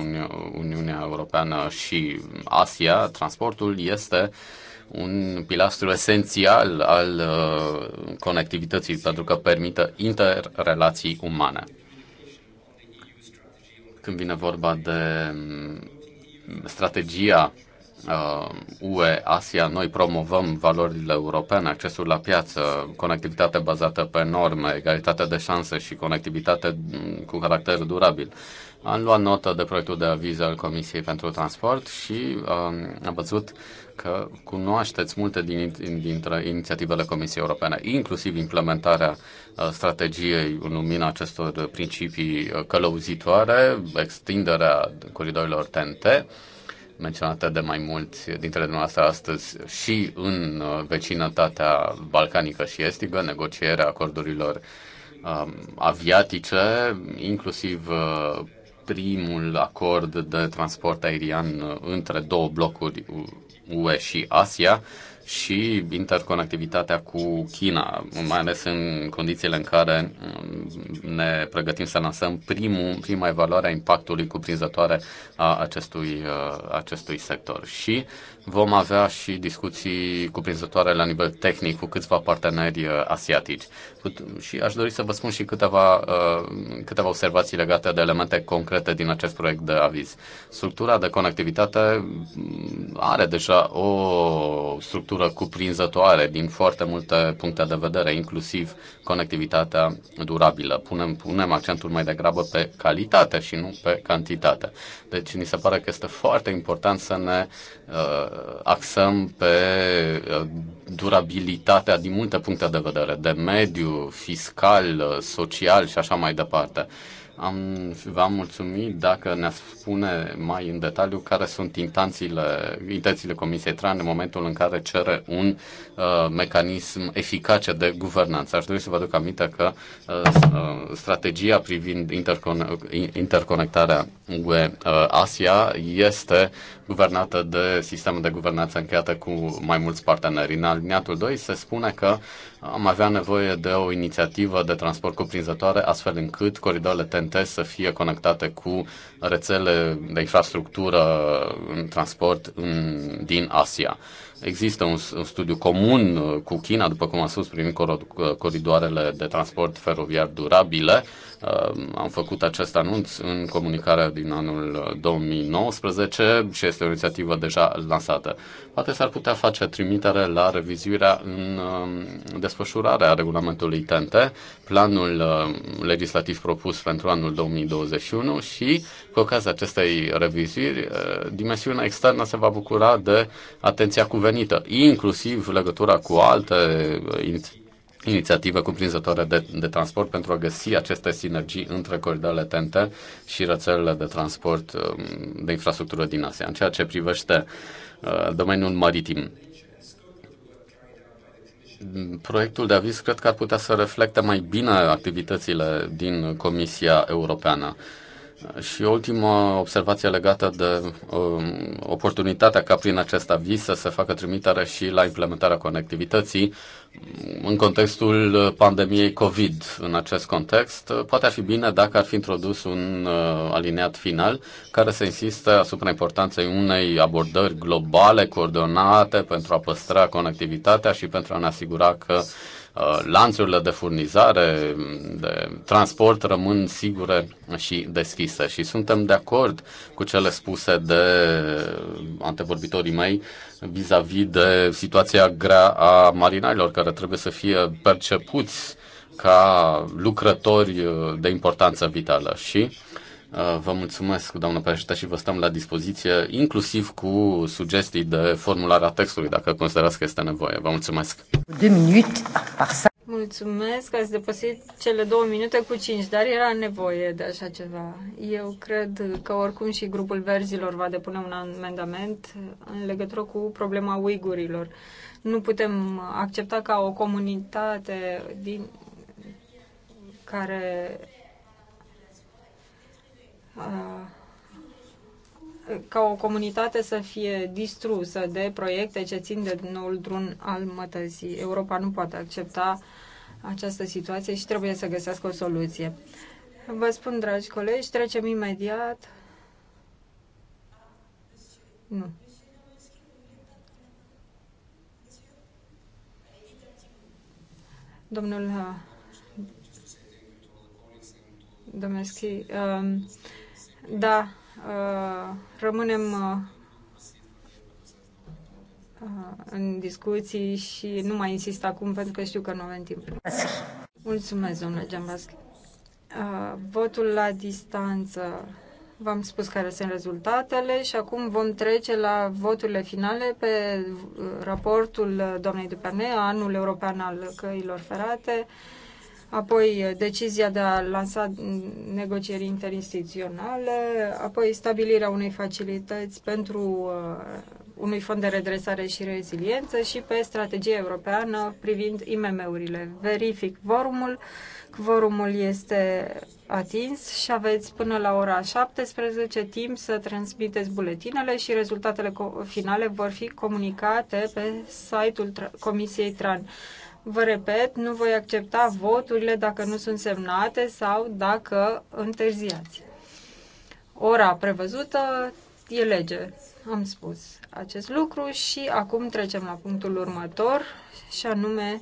Uniunea Europeană și Asia. Transportul este un pilastru esențial al uh, conectivității pentru că permite interrelații umane. Când vine vorba de mm, strategia UE, uh, Asia, noi promovăm valorile europene, accesul la piață, conectivitate bazată pe norme, egalitate de șanse și conectivitate mm, cu caracter durabil. Am luat notă de proiectul de aviz al Comisiei pentru Transport și um, am văzut că cunoașteți multe din, dintre inițiativele Comisiei Europene, inclusiv implementarea uh, strategiei în lumina acestor principii uh, călăuzitoare, extinderea coridorilor TNT, menționate de mai mulți dintre dumneavoastră astăzi și în uh, vecinătatea balcanică și estică, negocierea acordurilor um, aviatice, inclusiv uh, primul acord de transport aerian între două blocuri UE și Asia și interconectivitatea cu China, mai ales în condițiile în care mm, ne pregătim să lansăm primul, prima evaluare a impactului cuprinzătoare a acestui, uh, acestui sector. Și Vom avea și discuții cuprinzătoare la nivel tehnic cu câțiva parteneri uh, asiatici. Și aș dori să vă spun și câteva, uh, câteva observații legate de elemente concrete din acest proiect de aviz. Structura de conectivitate mm, are deja o structură cuprinzătoare din foarte multe puncte de vedere, inclusiv conectivitatea durabilă. Punem, punem accentul mai degrabă pe calitate și nu pe cantitate. Deci ni se pare că este foarte important să ne uh, axăm pe uh, durabilitatea din multe puncte de vedere, de mediu, fiscal, uh, social și așa mai departe. Am, v-am mulțumit dacă ne spune mai în detaliu care sunt intențiile, intențiile Comisiei Tran în momentul în care cere un uh, mecanism eficace de guvernanță. Aș dori să vă aduc aminte că uh, uh strategia privind intercone- interconectarea UE uh, Asia este guvernată de sistemul de guvernanță încheiată cu mai mulți parteneri. În aliniatul 2 se spune că am avea nevoie de o inițiativă de transport cuprinzătoare, astfel încât coridoarele TNT să fie conectate cu rețele de infrastructură în transport în, din Asia. Există un, un studiu comun uh, cu China, după cum am spus, privind uh, coridoarele de transport feroviar durabile, am făcut acest anunț în comunicarea din anul 2019 uh, și este o inițiativă deja lansată. Poate s-ar putea face trimitere la revizuirea în um, desfășurarea regulamentului TNT, planul uh, legislativ propus pentru anul 2021 și, cu ocazia acestei reviziri, uh, dimensiunea externă se va bucura de atenția cuvenită, inclusiv legătura cu alte inițiativă cuprinzătoare de, de transport pentru a găsi aceste sinergii între coridoarele TNT și rețelele de transport um, de infrastructură din Asia. În ceea ce privește uh, domeniul maritim, proiectul de aviz cred că ar putea să reflecte mai bine activitățile din Comisia Europeană. Și ultima observație legată de um, oportunitatea ca prin acest aviz să se facă trimitere și la implementarea conectivității în contextul pandemiei COVID. În acest context, poate ar fi bine dacă ar fi introdus un uh, alineat final care să insiste asupra importanței unei abordări globale, coordonate pentru a păstra conectivitatea și pentru a ne asigura că uh, Uh, lanțurile de furnizare, de transport rămân sigure și deschise. Și suntem de acord cu cele spuse de antevorbitorii mei vis-a-vis -vis de situația grea a marinarilor care trebuie să fie percepuți ca lucrători de importanță vitală. Și Uh, vă mulțumesc, doamnă președinte, și vă stăm la dispoziție, inclusiv cu sugestii de a textului, dacă considerați că este nevoie. Vă mulțumesc. minute, Mulțumesc că ați depăsit cele două minute cu cinci, dar era nevoie de așa ceva. Eu cred că oricum și grupul verzilor va depune un amendament în legătură cu problema uigurilor. Nu putem accepta ca o comunitate din care Ah, ca o comunitate să fie distrusă de proiecte ce țin de noul drun al mătăsii. Europa nu poate accepta această situație și trebuie să găsească o soluție. Vă spun, dragi colegi, trecem imediat. Nu. Domnul ah, Domeschi, um, da, uh, rămânem uh, uh, în discuții și nu mai insist acum pentru că știu că nu avem timp. Mulțumesc, domnule Giambaschi. Votul la distanță. V-am spus care sunt rezultatele și acum vom trece la voturile finale pe raportul doamnei Dupanea, Anul European al Căilor Ferate apoi eh, decizia de a lansa negocieri interinstituționale, apoi stabilirea unei facilități pentru eh, unui fond de redresare și reziliență și pe strategia europeană privind IMM-urile. Verific vorumul. Vorumul este atins și aveți până la ora 17 timp să transmiteți buletinele și rezultatele finale vor fi comunicate pe site-ul Comisiei TRAN. Vă repet, nu voi accepta voturile dacă nu sunt semnate sau dacă întârziați. Ora prevăzută e lege. Am spus acest lucru și acum trecem la punctul următor și anume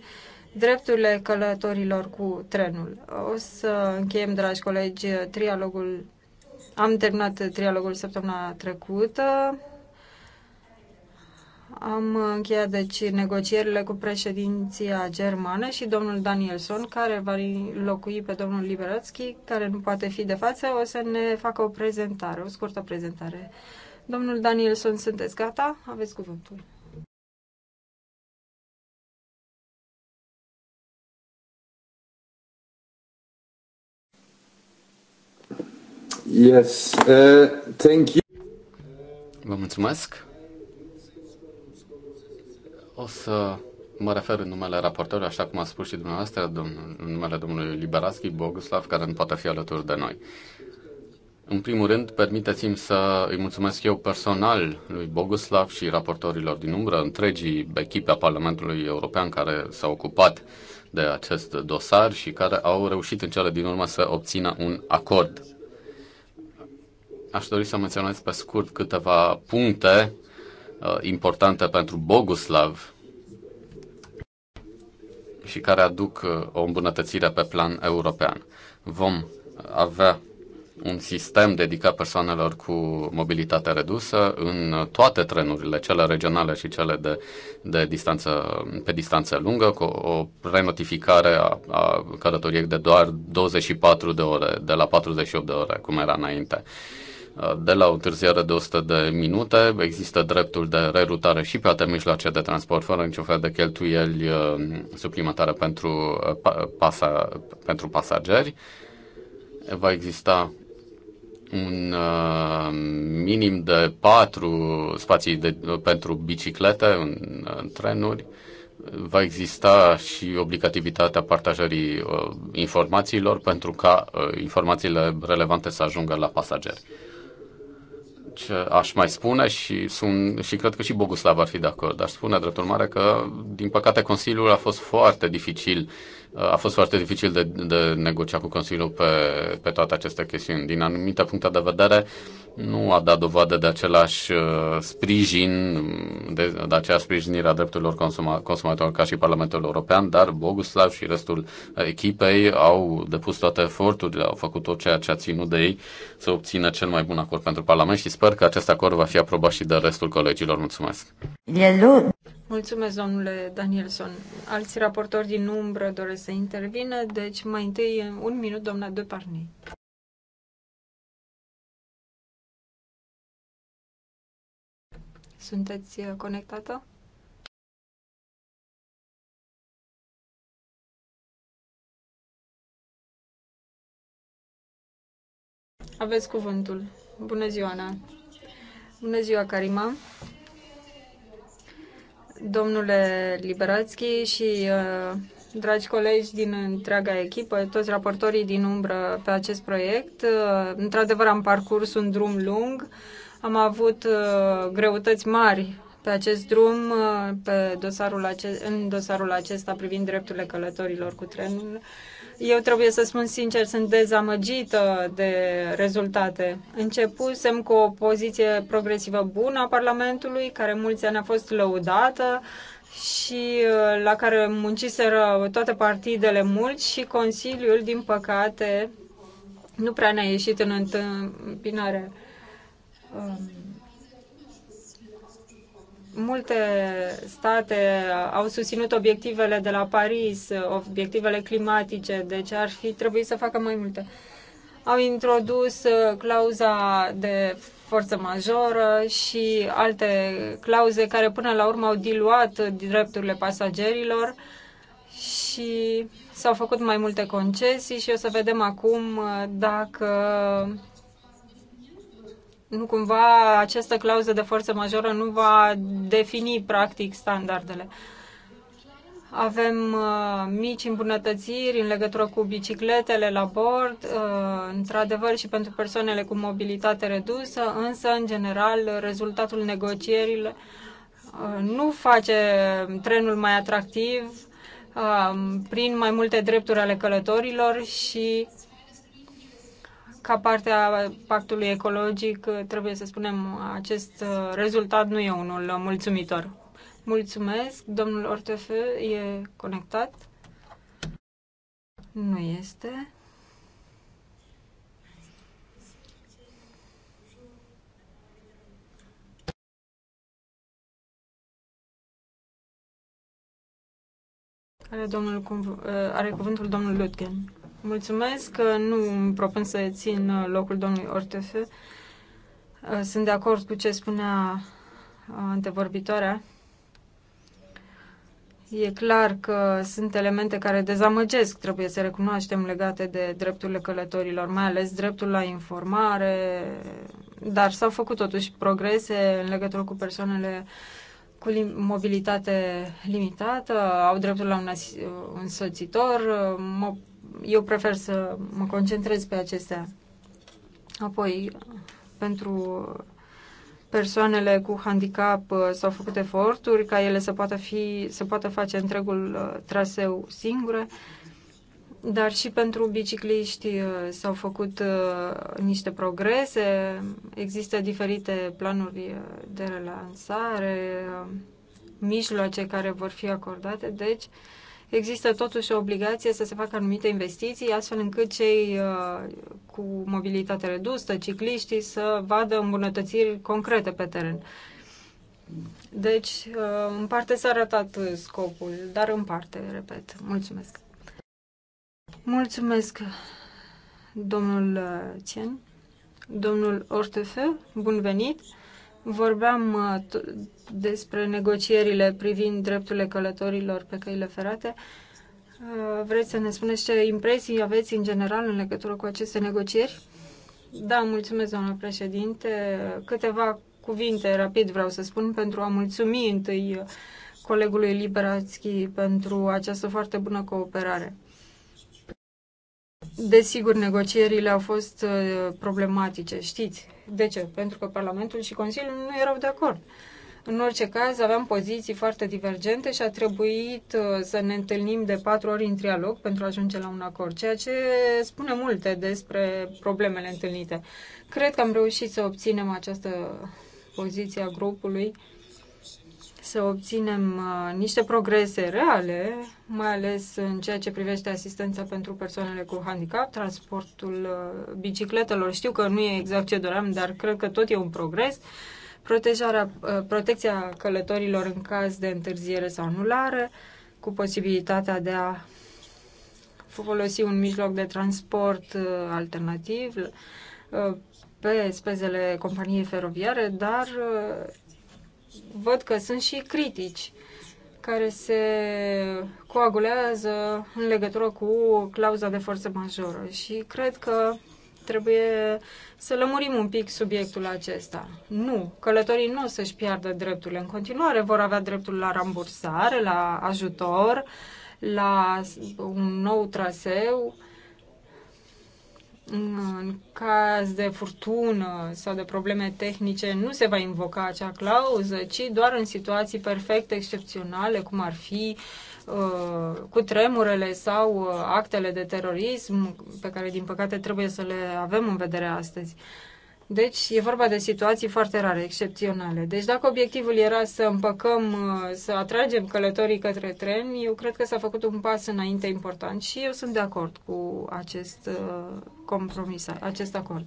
drepturile călătorilor cu trenul. O să încheiem, dragi colegi, trialogul. Am terminat trialogul săptămâna trecută. Am încheiat deci negocierile cu președinția germană și domnul Danielson, care va locui pe domnul Liberatski, care nu poate fi de față, o să ne facă o prezentare, o scurtă prezentare. Domnul Danielson, sunteți gata? Aveți cuvântul. Yes, uh, thank you. Vă mulțumesc. O să mă refer în numele raportorului, așa cum a spus și dumneavoastră, în numele domnului Liberaschi Boguslav, care nu poate fi alături de noi. În primul rând, permiteți-mi să îi mulțumesc eu personal lui Boguslav și raportorilor din umbră, întregii echipe a Parlamentului European care s au ocupat de acest dosar și care au reușit în cele din urmă să obțină un acord. Aș dori să menționez pe scurt câteva puncte Uh, importantă pentru Boguslav și care aduc uh, o îmbunătățire pe plan european. Vom avea un sistem dedicat persoanelor cu mobilitate redusă în toate trenurile, cele regionale și cele de, de distanță, pe distanță lungă, cu o renotificare a, a călătoriei de doar 24 de ore, de la 48 de ore, cum era înainte. Uh, de la o întârziere de 100 de minute. Există dreptul de rerutare și pe alte mijloace de transport, fără niciun fel de cheltuieli uh, suplimentare pentru, uh, pasa, pentru pasageri. Va exista un uh, minim de patru spații de, pentru biciclete în, în trenuri. Va exista și obligativitatea partajării uh, informațiilor pentru ca uh, informațiile relevante să ajungă la pasageri. Deci uh, aș mai spune și, sunt, și cred că și Boguslav ar fi de acord. Dar spune, drept urmare, că, din păcate, Consiliul a fost foarte dificil a fost foarte dificil de, de negocia cu Consiliul pe, pe toate aceste chestiuni. Din anumite puncte de vedere, nu a dat dovadă de același uh, sprijin, de, de aceeași sprijinire a drepturilor consuma, consumatorilor ca și Parlamentul European, dar Boguslav și restul echipei au depus toate eforturile, au făcut tot ceea ce a ținut de ei să obțină cel mai bun acord pentru Parlament și sper că acest acord va fi aprobat și de restul colegilor. Mulțumesc! Mulțumesc, domnule Danielson. Alți raportori din umbră doresc să intervină, deci mai întâi un minut, doamna Deparni. Sunteți uh, conectată? Aveți cuvântul. Bună ziua, Ana. Bună ziua, Karima domnule Liberațchi și uh, dragi colegi din întreaga echipă, toți raportorii din umbră pe acest proiect. Uh, într-adevăr, am parcurs un drum lung, am avut uh, greutăți mari pe acest drum, pe dosarul ace- în dosarul acesta privind drepturile călătorilor cu trenul. Eu trebuie să spun sincer, sunt dezamăgită de rezultate. Începusem cu o poziție progresivă bună a Parlamentului, care mulți ani a fost lăudată și uh, la care munciseră toate partidele mult și Consiliul, din păcate, nu prea ne-a ieșit în întâmpinare. Um, multe state au susținut obiectivele de la Paris, obiectivele climatice, deci ar fi trebuit să facă mai multe. Au introdus uh, clauza de forță majoră și alte clauze care până la urmă au diluat drepturile pasagerilor și s-au făcut mai multe concesii și o să vedem acum uh, dacă nu cumva această clauză de forță majoră nu va defini practic standardele. Avem uh, mici îmbunătățiri în legătură cu bicicletele la bord, uh, într-adevăr și pentru persoanele cu mobilitate redusă, însă, în general, rezultatul negocierilor uh, nu face trenul mai atractiv uh, prin mai multe drepturi ale călătorilor și uh, ca parte a pactului ecologic, trebuie să spunem, acest uh, rezultat nu e unul mulțumitor. Mulțumesc. Domnul Ortef, e conectat? Nu este. Are, domnul, uh, are cuvântul domnul Lutgen. Mulțumesc că nu îmi propun să țin uh, locul domnului Ortefe. Uh, sunt de acord cu ce spunea antevorbitoarea. Uh, e clar că sunt elemente care dezamăgesc, trebuie să recunoaștem, legate de drepturile călătorilor, mai ales dreptul la informare, dar s-au făcut totuși progrese în legătură cu persoanele cu mobilitate limitată, au dreptul la un însoțitor, eu prefer să mă concentrez pe acestea. Apoi, pentru persoanele cu handicap uh, s-au făcut eforturi ca ele să poată, fi, să poată face întregul uh, traseu singure, dar și pentru bicicliști uh, s-au făcut niște progrese, există diferite planuri de relansare, mijloace care vor fi acordate, deci uh, există totuși o obligație să se facă anumite investiții, astfel încât cei uh, cu mobilitate redusă, cicliștii, să vadă îmbunătățiri concrete pe teren. Deci, uh, în parte s-a arătat scopul, dar în parte, repet. Mulțumesc. Mulțumesc, domnul uh, Cien, domnul Ortefe, bun venit. Vorbeam despre negocierile privind drepturile călătorilor pe căile ferate. Uh, vreți să ne spuneți ce impresii aveți în general în legătură cu aceste negocieri? Da, mulțumesc, doamnă președinte. Câteva cuvinte rapid vreau să spun pentru a mulțumi întâi colegului Liberațchi pentru această foarte bună cooperare. Desigur, negocierile au fost uh, problematice, știți. De ce? Pentru că Parlamentul și Consiliul nu erau de acord. Uh, în orice caz, aveam poziții foarte divergente și a trebuit uh, să ne întâlnim de patru ori în trialog pentru a ajunge la un acord, ceea ce spune multe despre problemele întâlnite. Cred că am reușit să obținem această poziție a grupului, să obținem uh, niște progrese reale, mai ales în ceea ce privește asistența pentru persoanele cu handicap, transportul uh, bicicletelor. Știu că nu e exact ce doream, dar cred că tot e un progres. Uh, protejarea, uh, protecția călătorilor în caz de întârziere sau anulare, cu posibilitatea de a folosi un mijloc de transport uh, alternativ uh, pe spezele companiei feroviare, dar văd că sunt și critici care se coagulează în legătură cu clauza de forță majoră și cred că trebuie să lămurim un pic subiectul acesta. Nu, călătorii nu o să-și piardă drepturile. În continuare vor avea dreptul la rambursare, la ajutor, la un nou traseu. În caz de furtună sau de probleme tehnice, nu se va invoca acea clauză, ci doar în situații perfect excepționale, cum ar fi uh, Uh, cu tremurele sau uh, actele de terorism pe care, din păcate, trebuie să le avem în vedere astăzi. Deci e vorba de situații foarte rare, excepționale. Deci dacă obiectivul era să împăcăm, uh, să atragem călătorii către tren, eu cred că s-a făcut un pas înainte important și eu sunt de acord cu acest compromis, acest acord.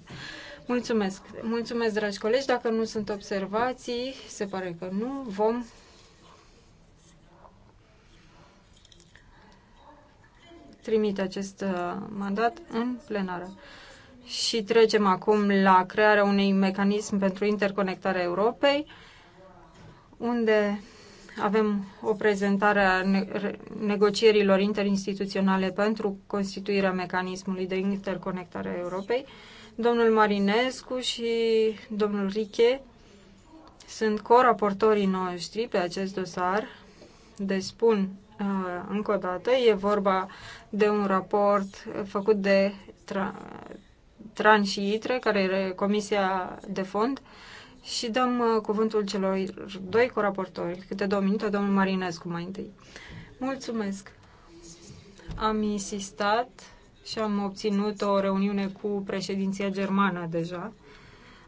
Mulțumesc. Mulțumesc, dragi colegi. Dacă nu sunt observații, se pare că nu, vom trimite acest uh, mandat în plenară. Și trecem acum la crearea unui mecanism pentru interconectarea Europei, unde avem o prezentare a negocierilor interinstituționale pentru constituirea mecanismului de interconectare a Europei. Domnul Marinescu și domnul Riche sunt coraportorii noștri pe acest dosar. Despun Ah, încă o dată, e vorba de un raport făcut de tra- Tran și ITRE, care e Comisia de Fond, și dăm uh, cuvântul celor doi coraportori, câte două minute, domnul Marinescu mai întâi. Mulțumesc! Am insistat și am obținut o reuniune cu președinția germană deja.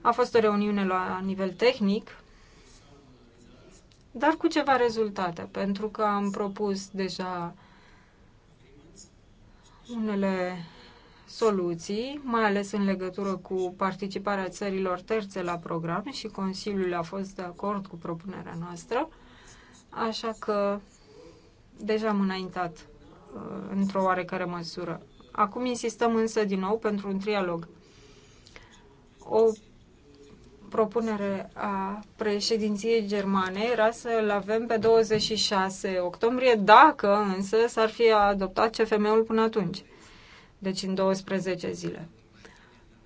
A fost o reuniune la nivel tehnic dar cu ceva rezultate, pentru că am propus deja unele soluții, mai ales în legătură cu participarea țărilor terțe la program și Consiliul a fost de acord cu propunerea noastră, așa că deja am înaintat uh, într-o oarecare măsură. Acum insistăm însă din nou pentru un trialog. O propunere a președinției germane era să-l avem pe 26 octombrie, dacă însă s-ar fi adoptat CFM-ul până atunci, deci în 12 zile.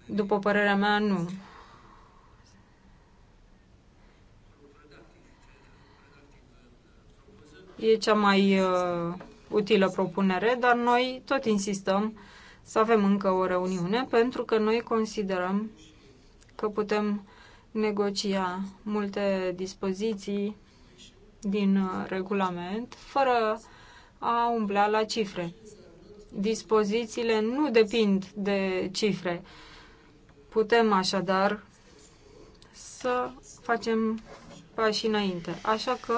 După părerea mea, nu. E cea mai uh, utilă propunere, dar noi tot insistăm să avem încă o reuniune pentru că noi considerăm că putem negocia multe dispoziții din uh, regulament fără a umbla la cifre. Dispozițiile nu depind de cifre. Putem așadar să facem pași înainte. Așa că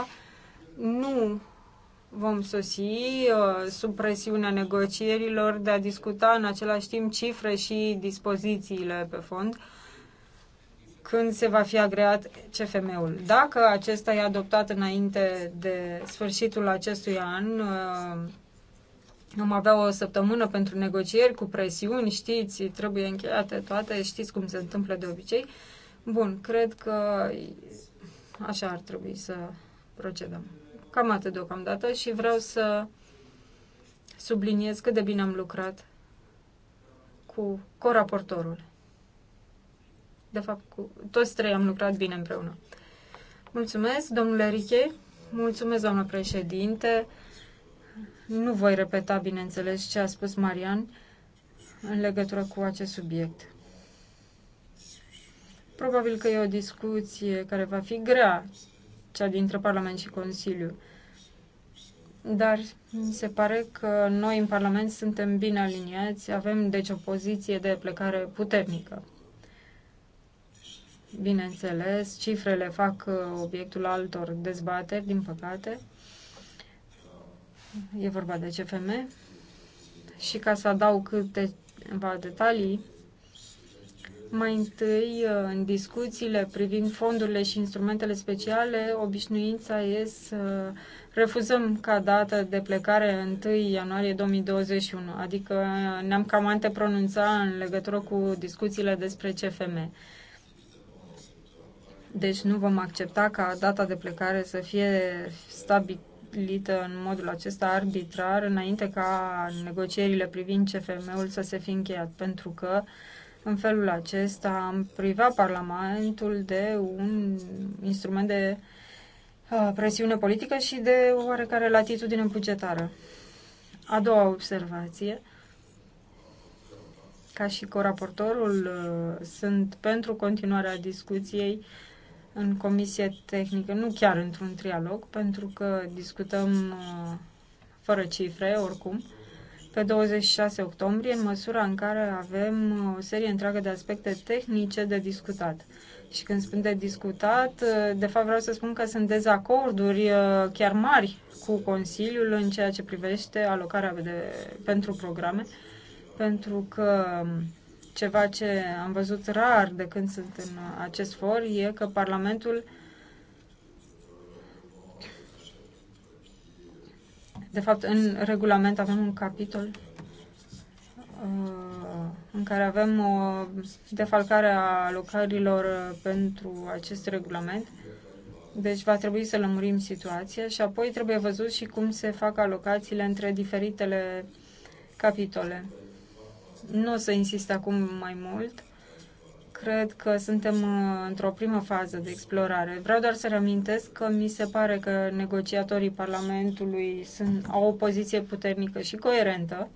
nu vom sosi uh, sub presiunea negocierilor de a discuta în același timp cifre și dispozițiile pe fond, când se va fi agreat CFM-ul. Dacă acesta e adoptat înainte de sfârșitul acestui an, uh, am avea o săptămână pentru negocieri cu presiuni, știți, trebuie încheiate toate, știți cum se întâmplă de obicei. Bun, cred că așa ar trebui să procedăm. Cam atât deocamdată și vreau să subliniez cât de bine am lucrat cu coraportorul. De fapt, cu toți trei am lucrat bine împreună. Mulțumesc, domnule Riche. Mulțumesc, doamnă președinte. Nu voi repeta, bineînțeles, ce a spus Marian în legătură cu acest subiect. Probabil că e o discuție care va fi grea, cea dintre Parlament și Consiliu. Dar mi se pare că noi în Parlament suntem bine aliniați, avem deci o poziție de plecare puternică. Bineînțeles, cifrele fac uh, obiectul altor dezbateri, din păcate. E vorba de CFM. Și ca să adaug câteva detalii, mai întâi, uh, în discuțiile privind fondurile și instrumentele speciale, obișnuința e să refuzăm ca dată de plecare 1 ianuarie 2021, adică ne-am cam antepronunțat în legătură cu discuțiile despre CFM. Deci nu vom accepta ca data de plecare să fie stabilită în modul acesta arbitrar înainte ca negocierile privind CFM-ul să se fi încheiat, pentru că în felul acesta am privat Parlamentul de un instrument de uh, presiune politică și de oarecare latitudine bugetară. A doua observație ca și coraportorul, uh, sunt pentru continuarea discuției în comisie tehnică, nu chiar într-un trialog, pentru că discutăm uh, fără cifre, oricum, pe 26 octombrie, în măsura în care avem uh, o serie întreagă de aspecte tehnice de discutat. Și când spun de discutat, uh, de fapt vreau să spun că sunt dezacorduri chiar mari cu Consiliul în ceea ce privește alocarea de, pentru programe, pentru că um, ceva ce am văzut rar de când sunt în acest for, e că Parlamentul De fapt, în regulament avem un capitol uh, în care avem o defalcare a alocărilor uh, pentru acest regulament. Deci va trebui să lămurim situația și apoi trebuie văzut și cum se fac alocațiile între diferitele capitole. Nu o să insist acum mai mult. Cred că suntem uh, într-o primă fază de explorare. Vreau doar să reamintesc că mi se pare că negociatorii Parlamentului sunt, au o poziție puternică și coerentă,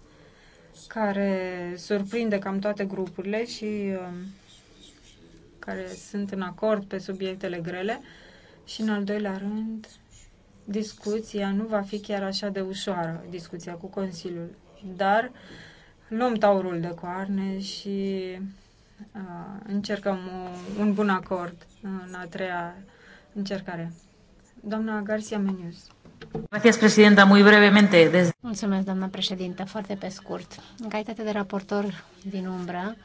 care surprinde cam toate grupurile și uh, care sunt în acord pe subiectele grele. Și în al doilea rând, discuția nu va fi chiar așa de ușoară, discuția cu Consiliul. Dar uh, luăm taurul de coarne și uh, încercăm o, un bun acord în a treia încercare. Doamna Garcia Menius. Gracias, presidenta. Muy brevemente. Desde... Mulțumesc, doamna președintă. Foarte pe scurt. În calitate de raportor din umbră,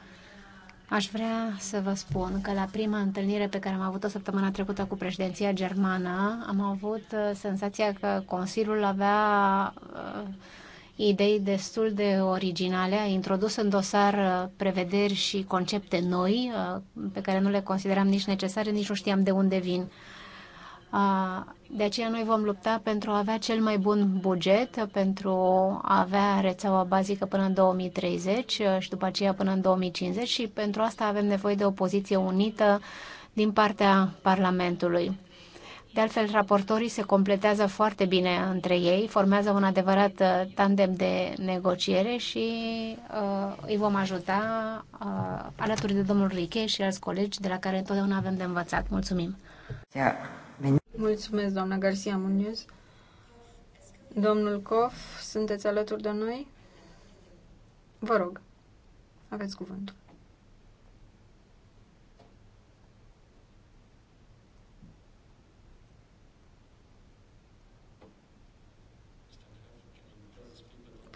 Aș vrea să vă spun că la prima întâlnire pe care am avut-o săptămâna trecută cu președinția germană, am avut uh, senzația că Consiliul avea uh, idei destul de originale, a introdus în dosar uh, prevederi și concepte noi uh, pe care nu le consideram nici necesare, nici nu știam de unde vin. Uh, de aceea noi vom lupta pentru a avea cel mai bun buget, pentru a avea rețeaua bazică până în 2030 și după aceea până în 2050 și pentru asta avem nevoie de o poziție unită din partea Parlamentului. De altfel, raportorii se completează foarte bine între ei, formează un adevărat uh, tandem de negociere și uh, îi vom ajuta uh, alături de domnul Riche și alți colegi de la care întotdeauna avem de învățat. Mulțumim! Mulțumesc, doamna Garcia Munoz. Domnul Cof, sunteți alături de noi? Vă rog, aveți cuvântul.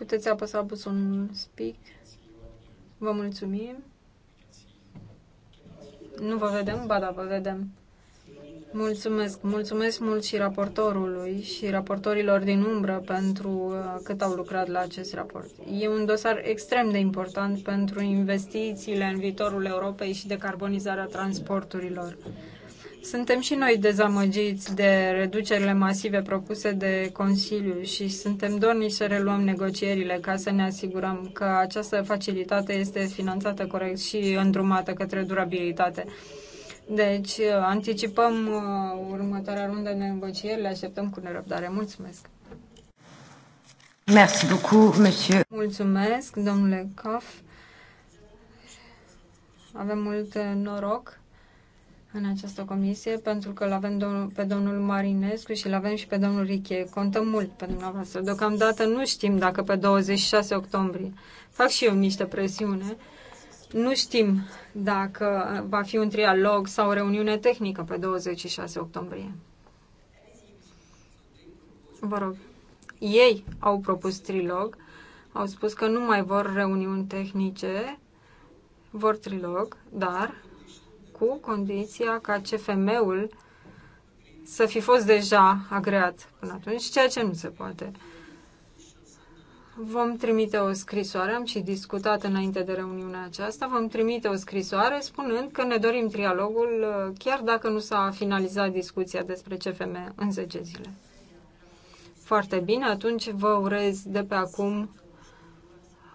Puteți apăsa butonul speak. Vă mulțumim. Nu vă vedem? Ba da, vă vedem. Mulțumesc, mulțumesc mult și raportorului și raportorilor din umbră pentru uh, cât au lucrat la acest raport. E un dosar extrem de important pentru investițiile în viitorul Europei și decarbonizarea transporturilor. Suntem și noi dezamăgiți de reducerile masive propuse de Consiliu și suntem dornici să reluăm negocierile ca să ne asigurăm că această facilitate este finanțată corect și îndrumată către durabilitate. Deci anticipăm uh, următoarea rundă de negocieri, le așteptăm cu nerăbdare. Mulțumesc! Merci beaucoup, monsieur. Mulțumesc, domnule Kaf. Avem mult uh, noroc în această comisie, pentru că l-avem pe domnul Marinescu și l-avem și pe domnul Riche. Contăm mult pe dumneavoastră. Deocamdată nu știm dacă pe 26 octombrie. Fac și eu niște presiune. Nu știm dacă va fi un trialog sau o reuniune tehnică pe 26 octombrie. Vă rog. Ei au propus trilog, au spus că nu mai vor reuniuni tehnice, vor trilog, dar cu condiția ca CFM-ul să fi fost deja agreat până atunci, ceea ce nu se poate. Vom trimite o scrisoare, am și discutat înainte de reuniunea aceasta, vom trimite o scrisoare spunând că ne dorim trialogul uh, chiar dacă nu s-a finalizat discuția despre CFM în 10 zile. Foarte bine, atunci vă urez de pe acum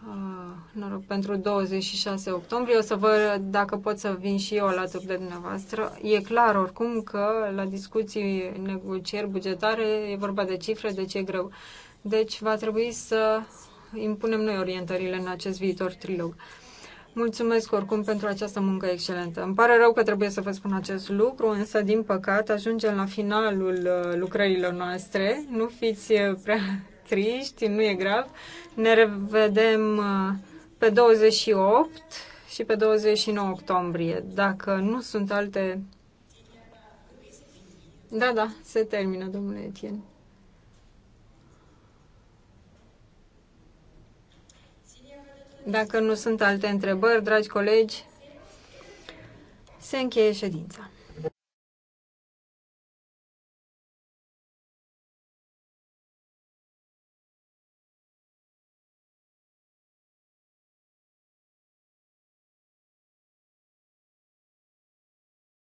Ah, noroc pentru 26 octombrie. O să văd dacă pot să vin și eu alături de dumneavoastră. E clar oricum că la discuții negocieri bugetare e vorba de cifre, ce e greu. Deci va trebui să impunem noi orientările în acest viitor trilog. Mulțumesc oricum pentru această muncă excelentă. Îmi pare rău că trebuie să vă spun acest lucru, însă, din păcate, ajungem la finalul uh, lucrărilor noastre. Nu fiți uh, prea triști, nu e grav. Ne revedem uh, pe 28 și pe 29 octombrie. Dacă nu sunt alte... Da, da, se termină, domnule Etienne. Dacă nu sunt alte întrebări, dragi colegi, se încheie ședința.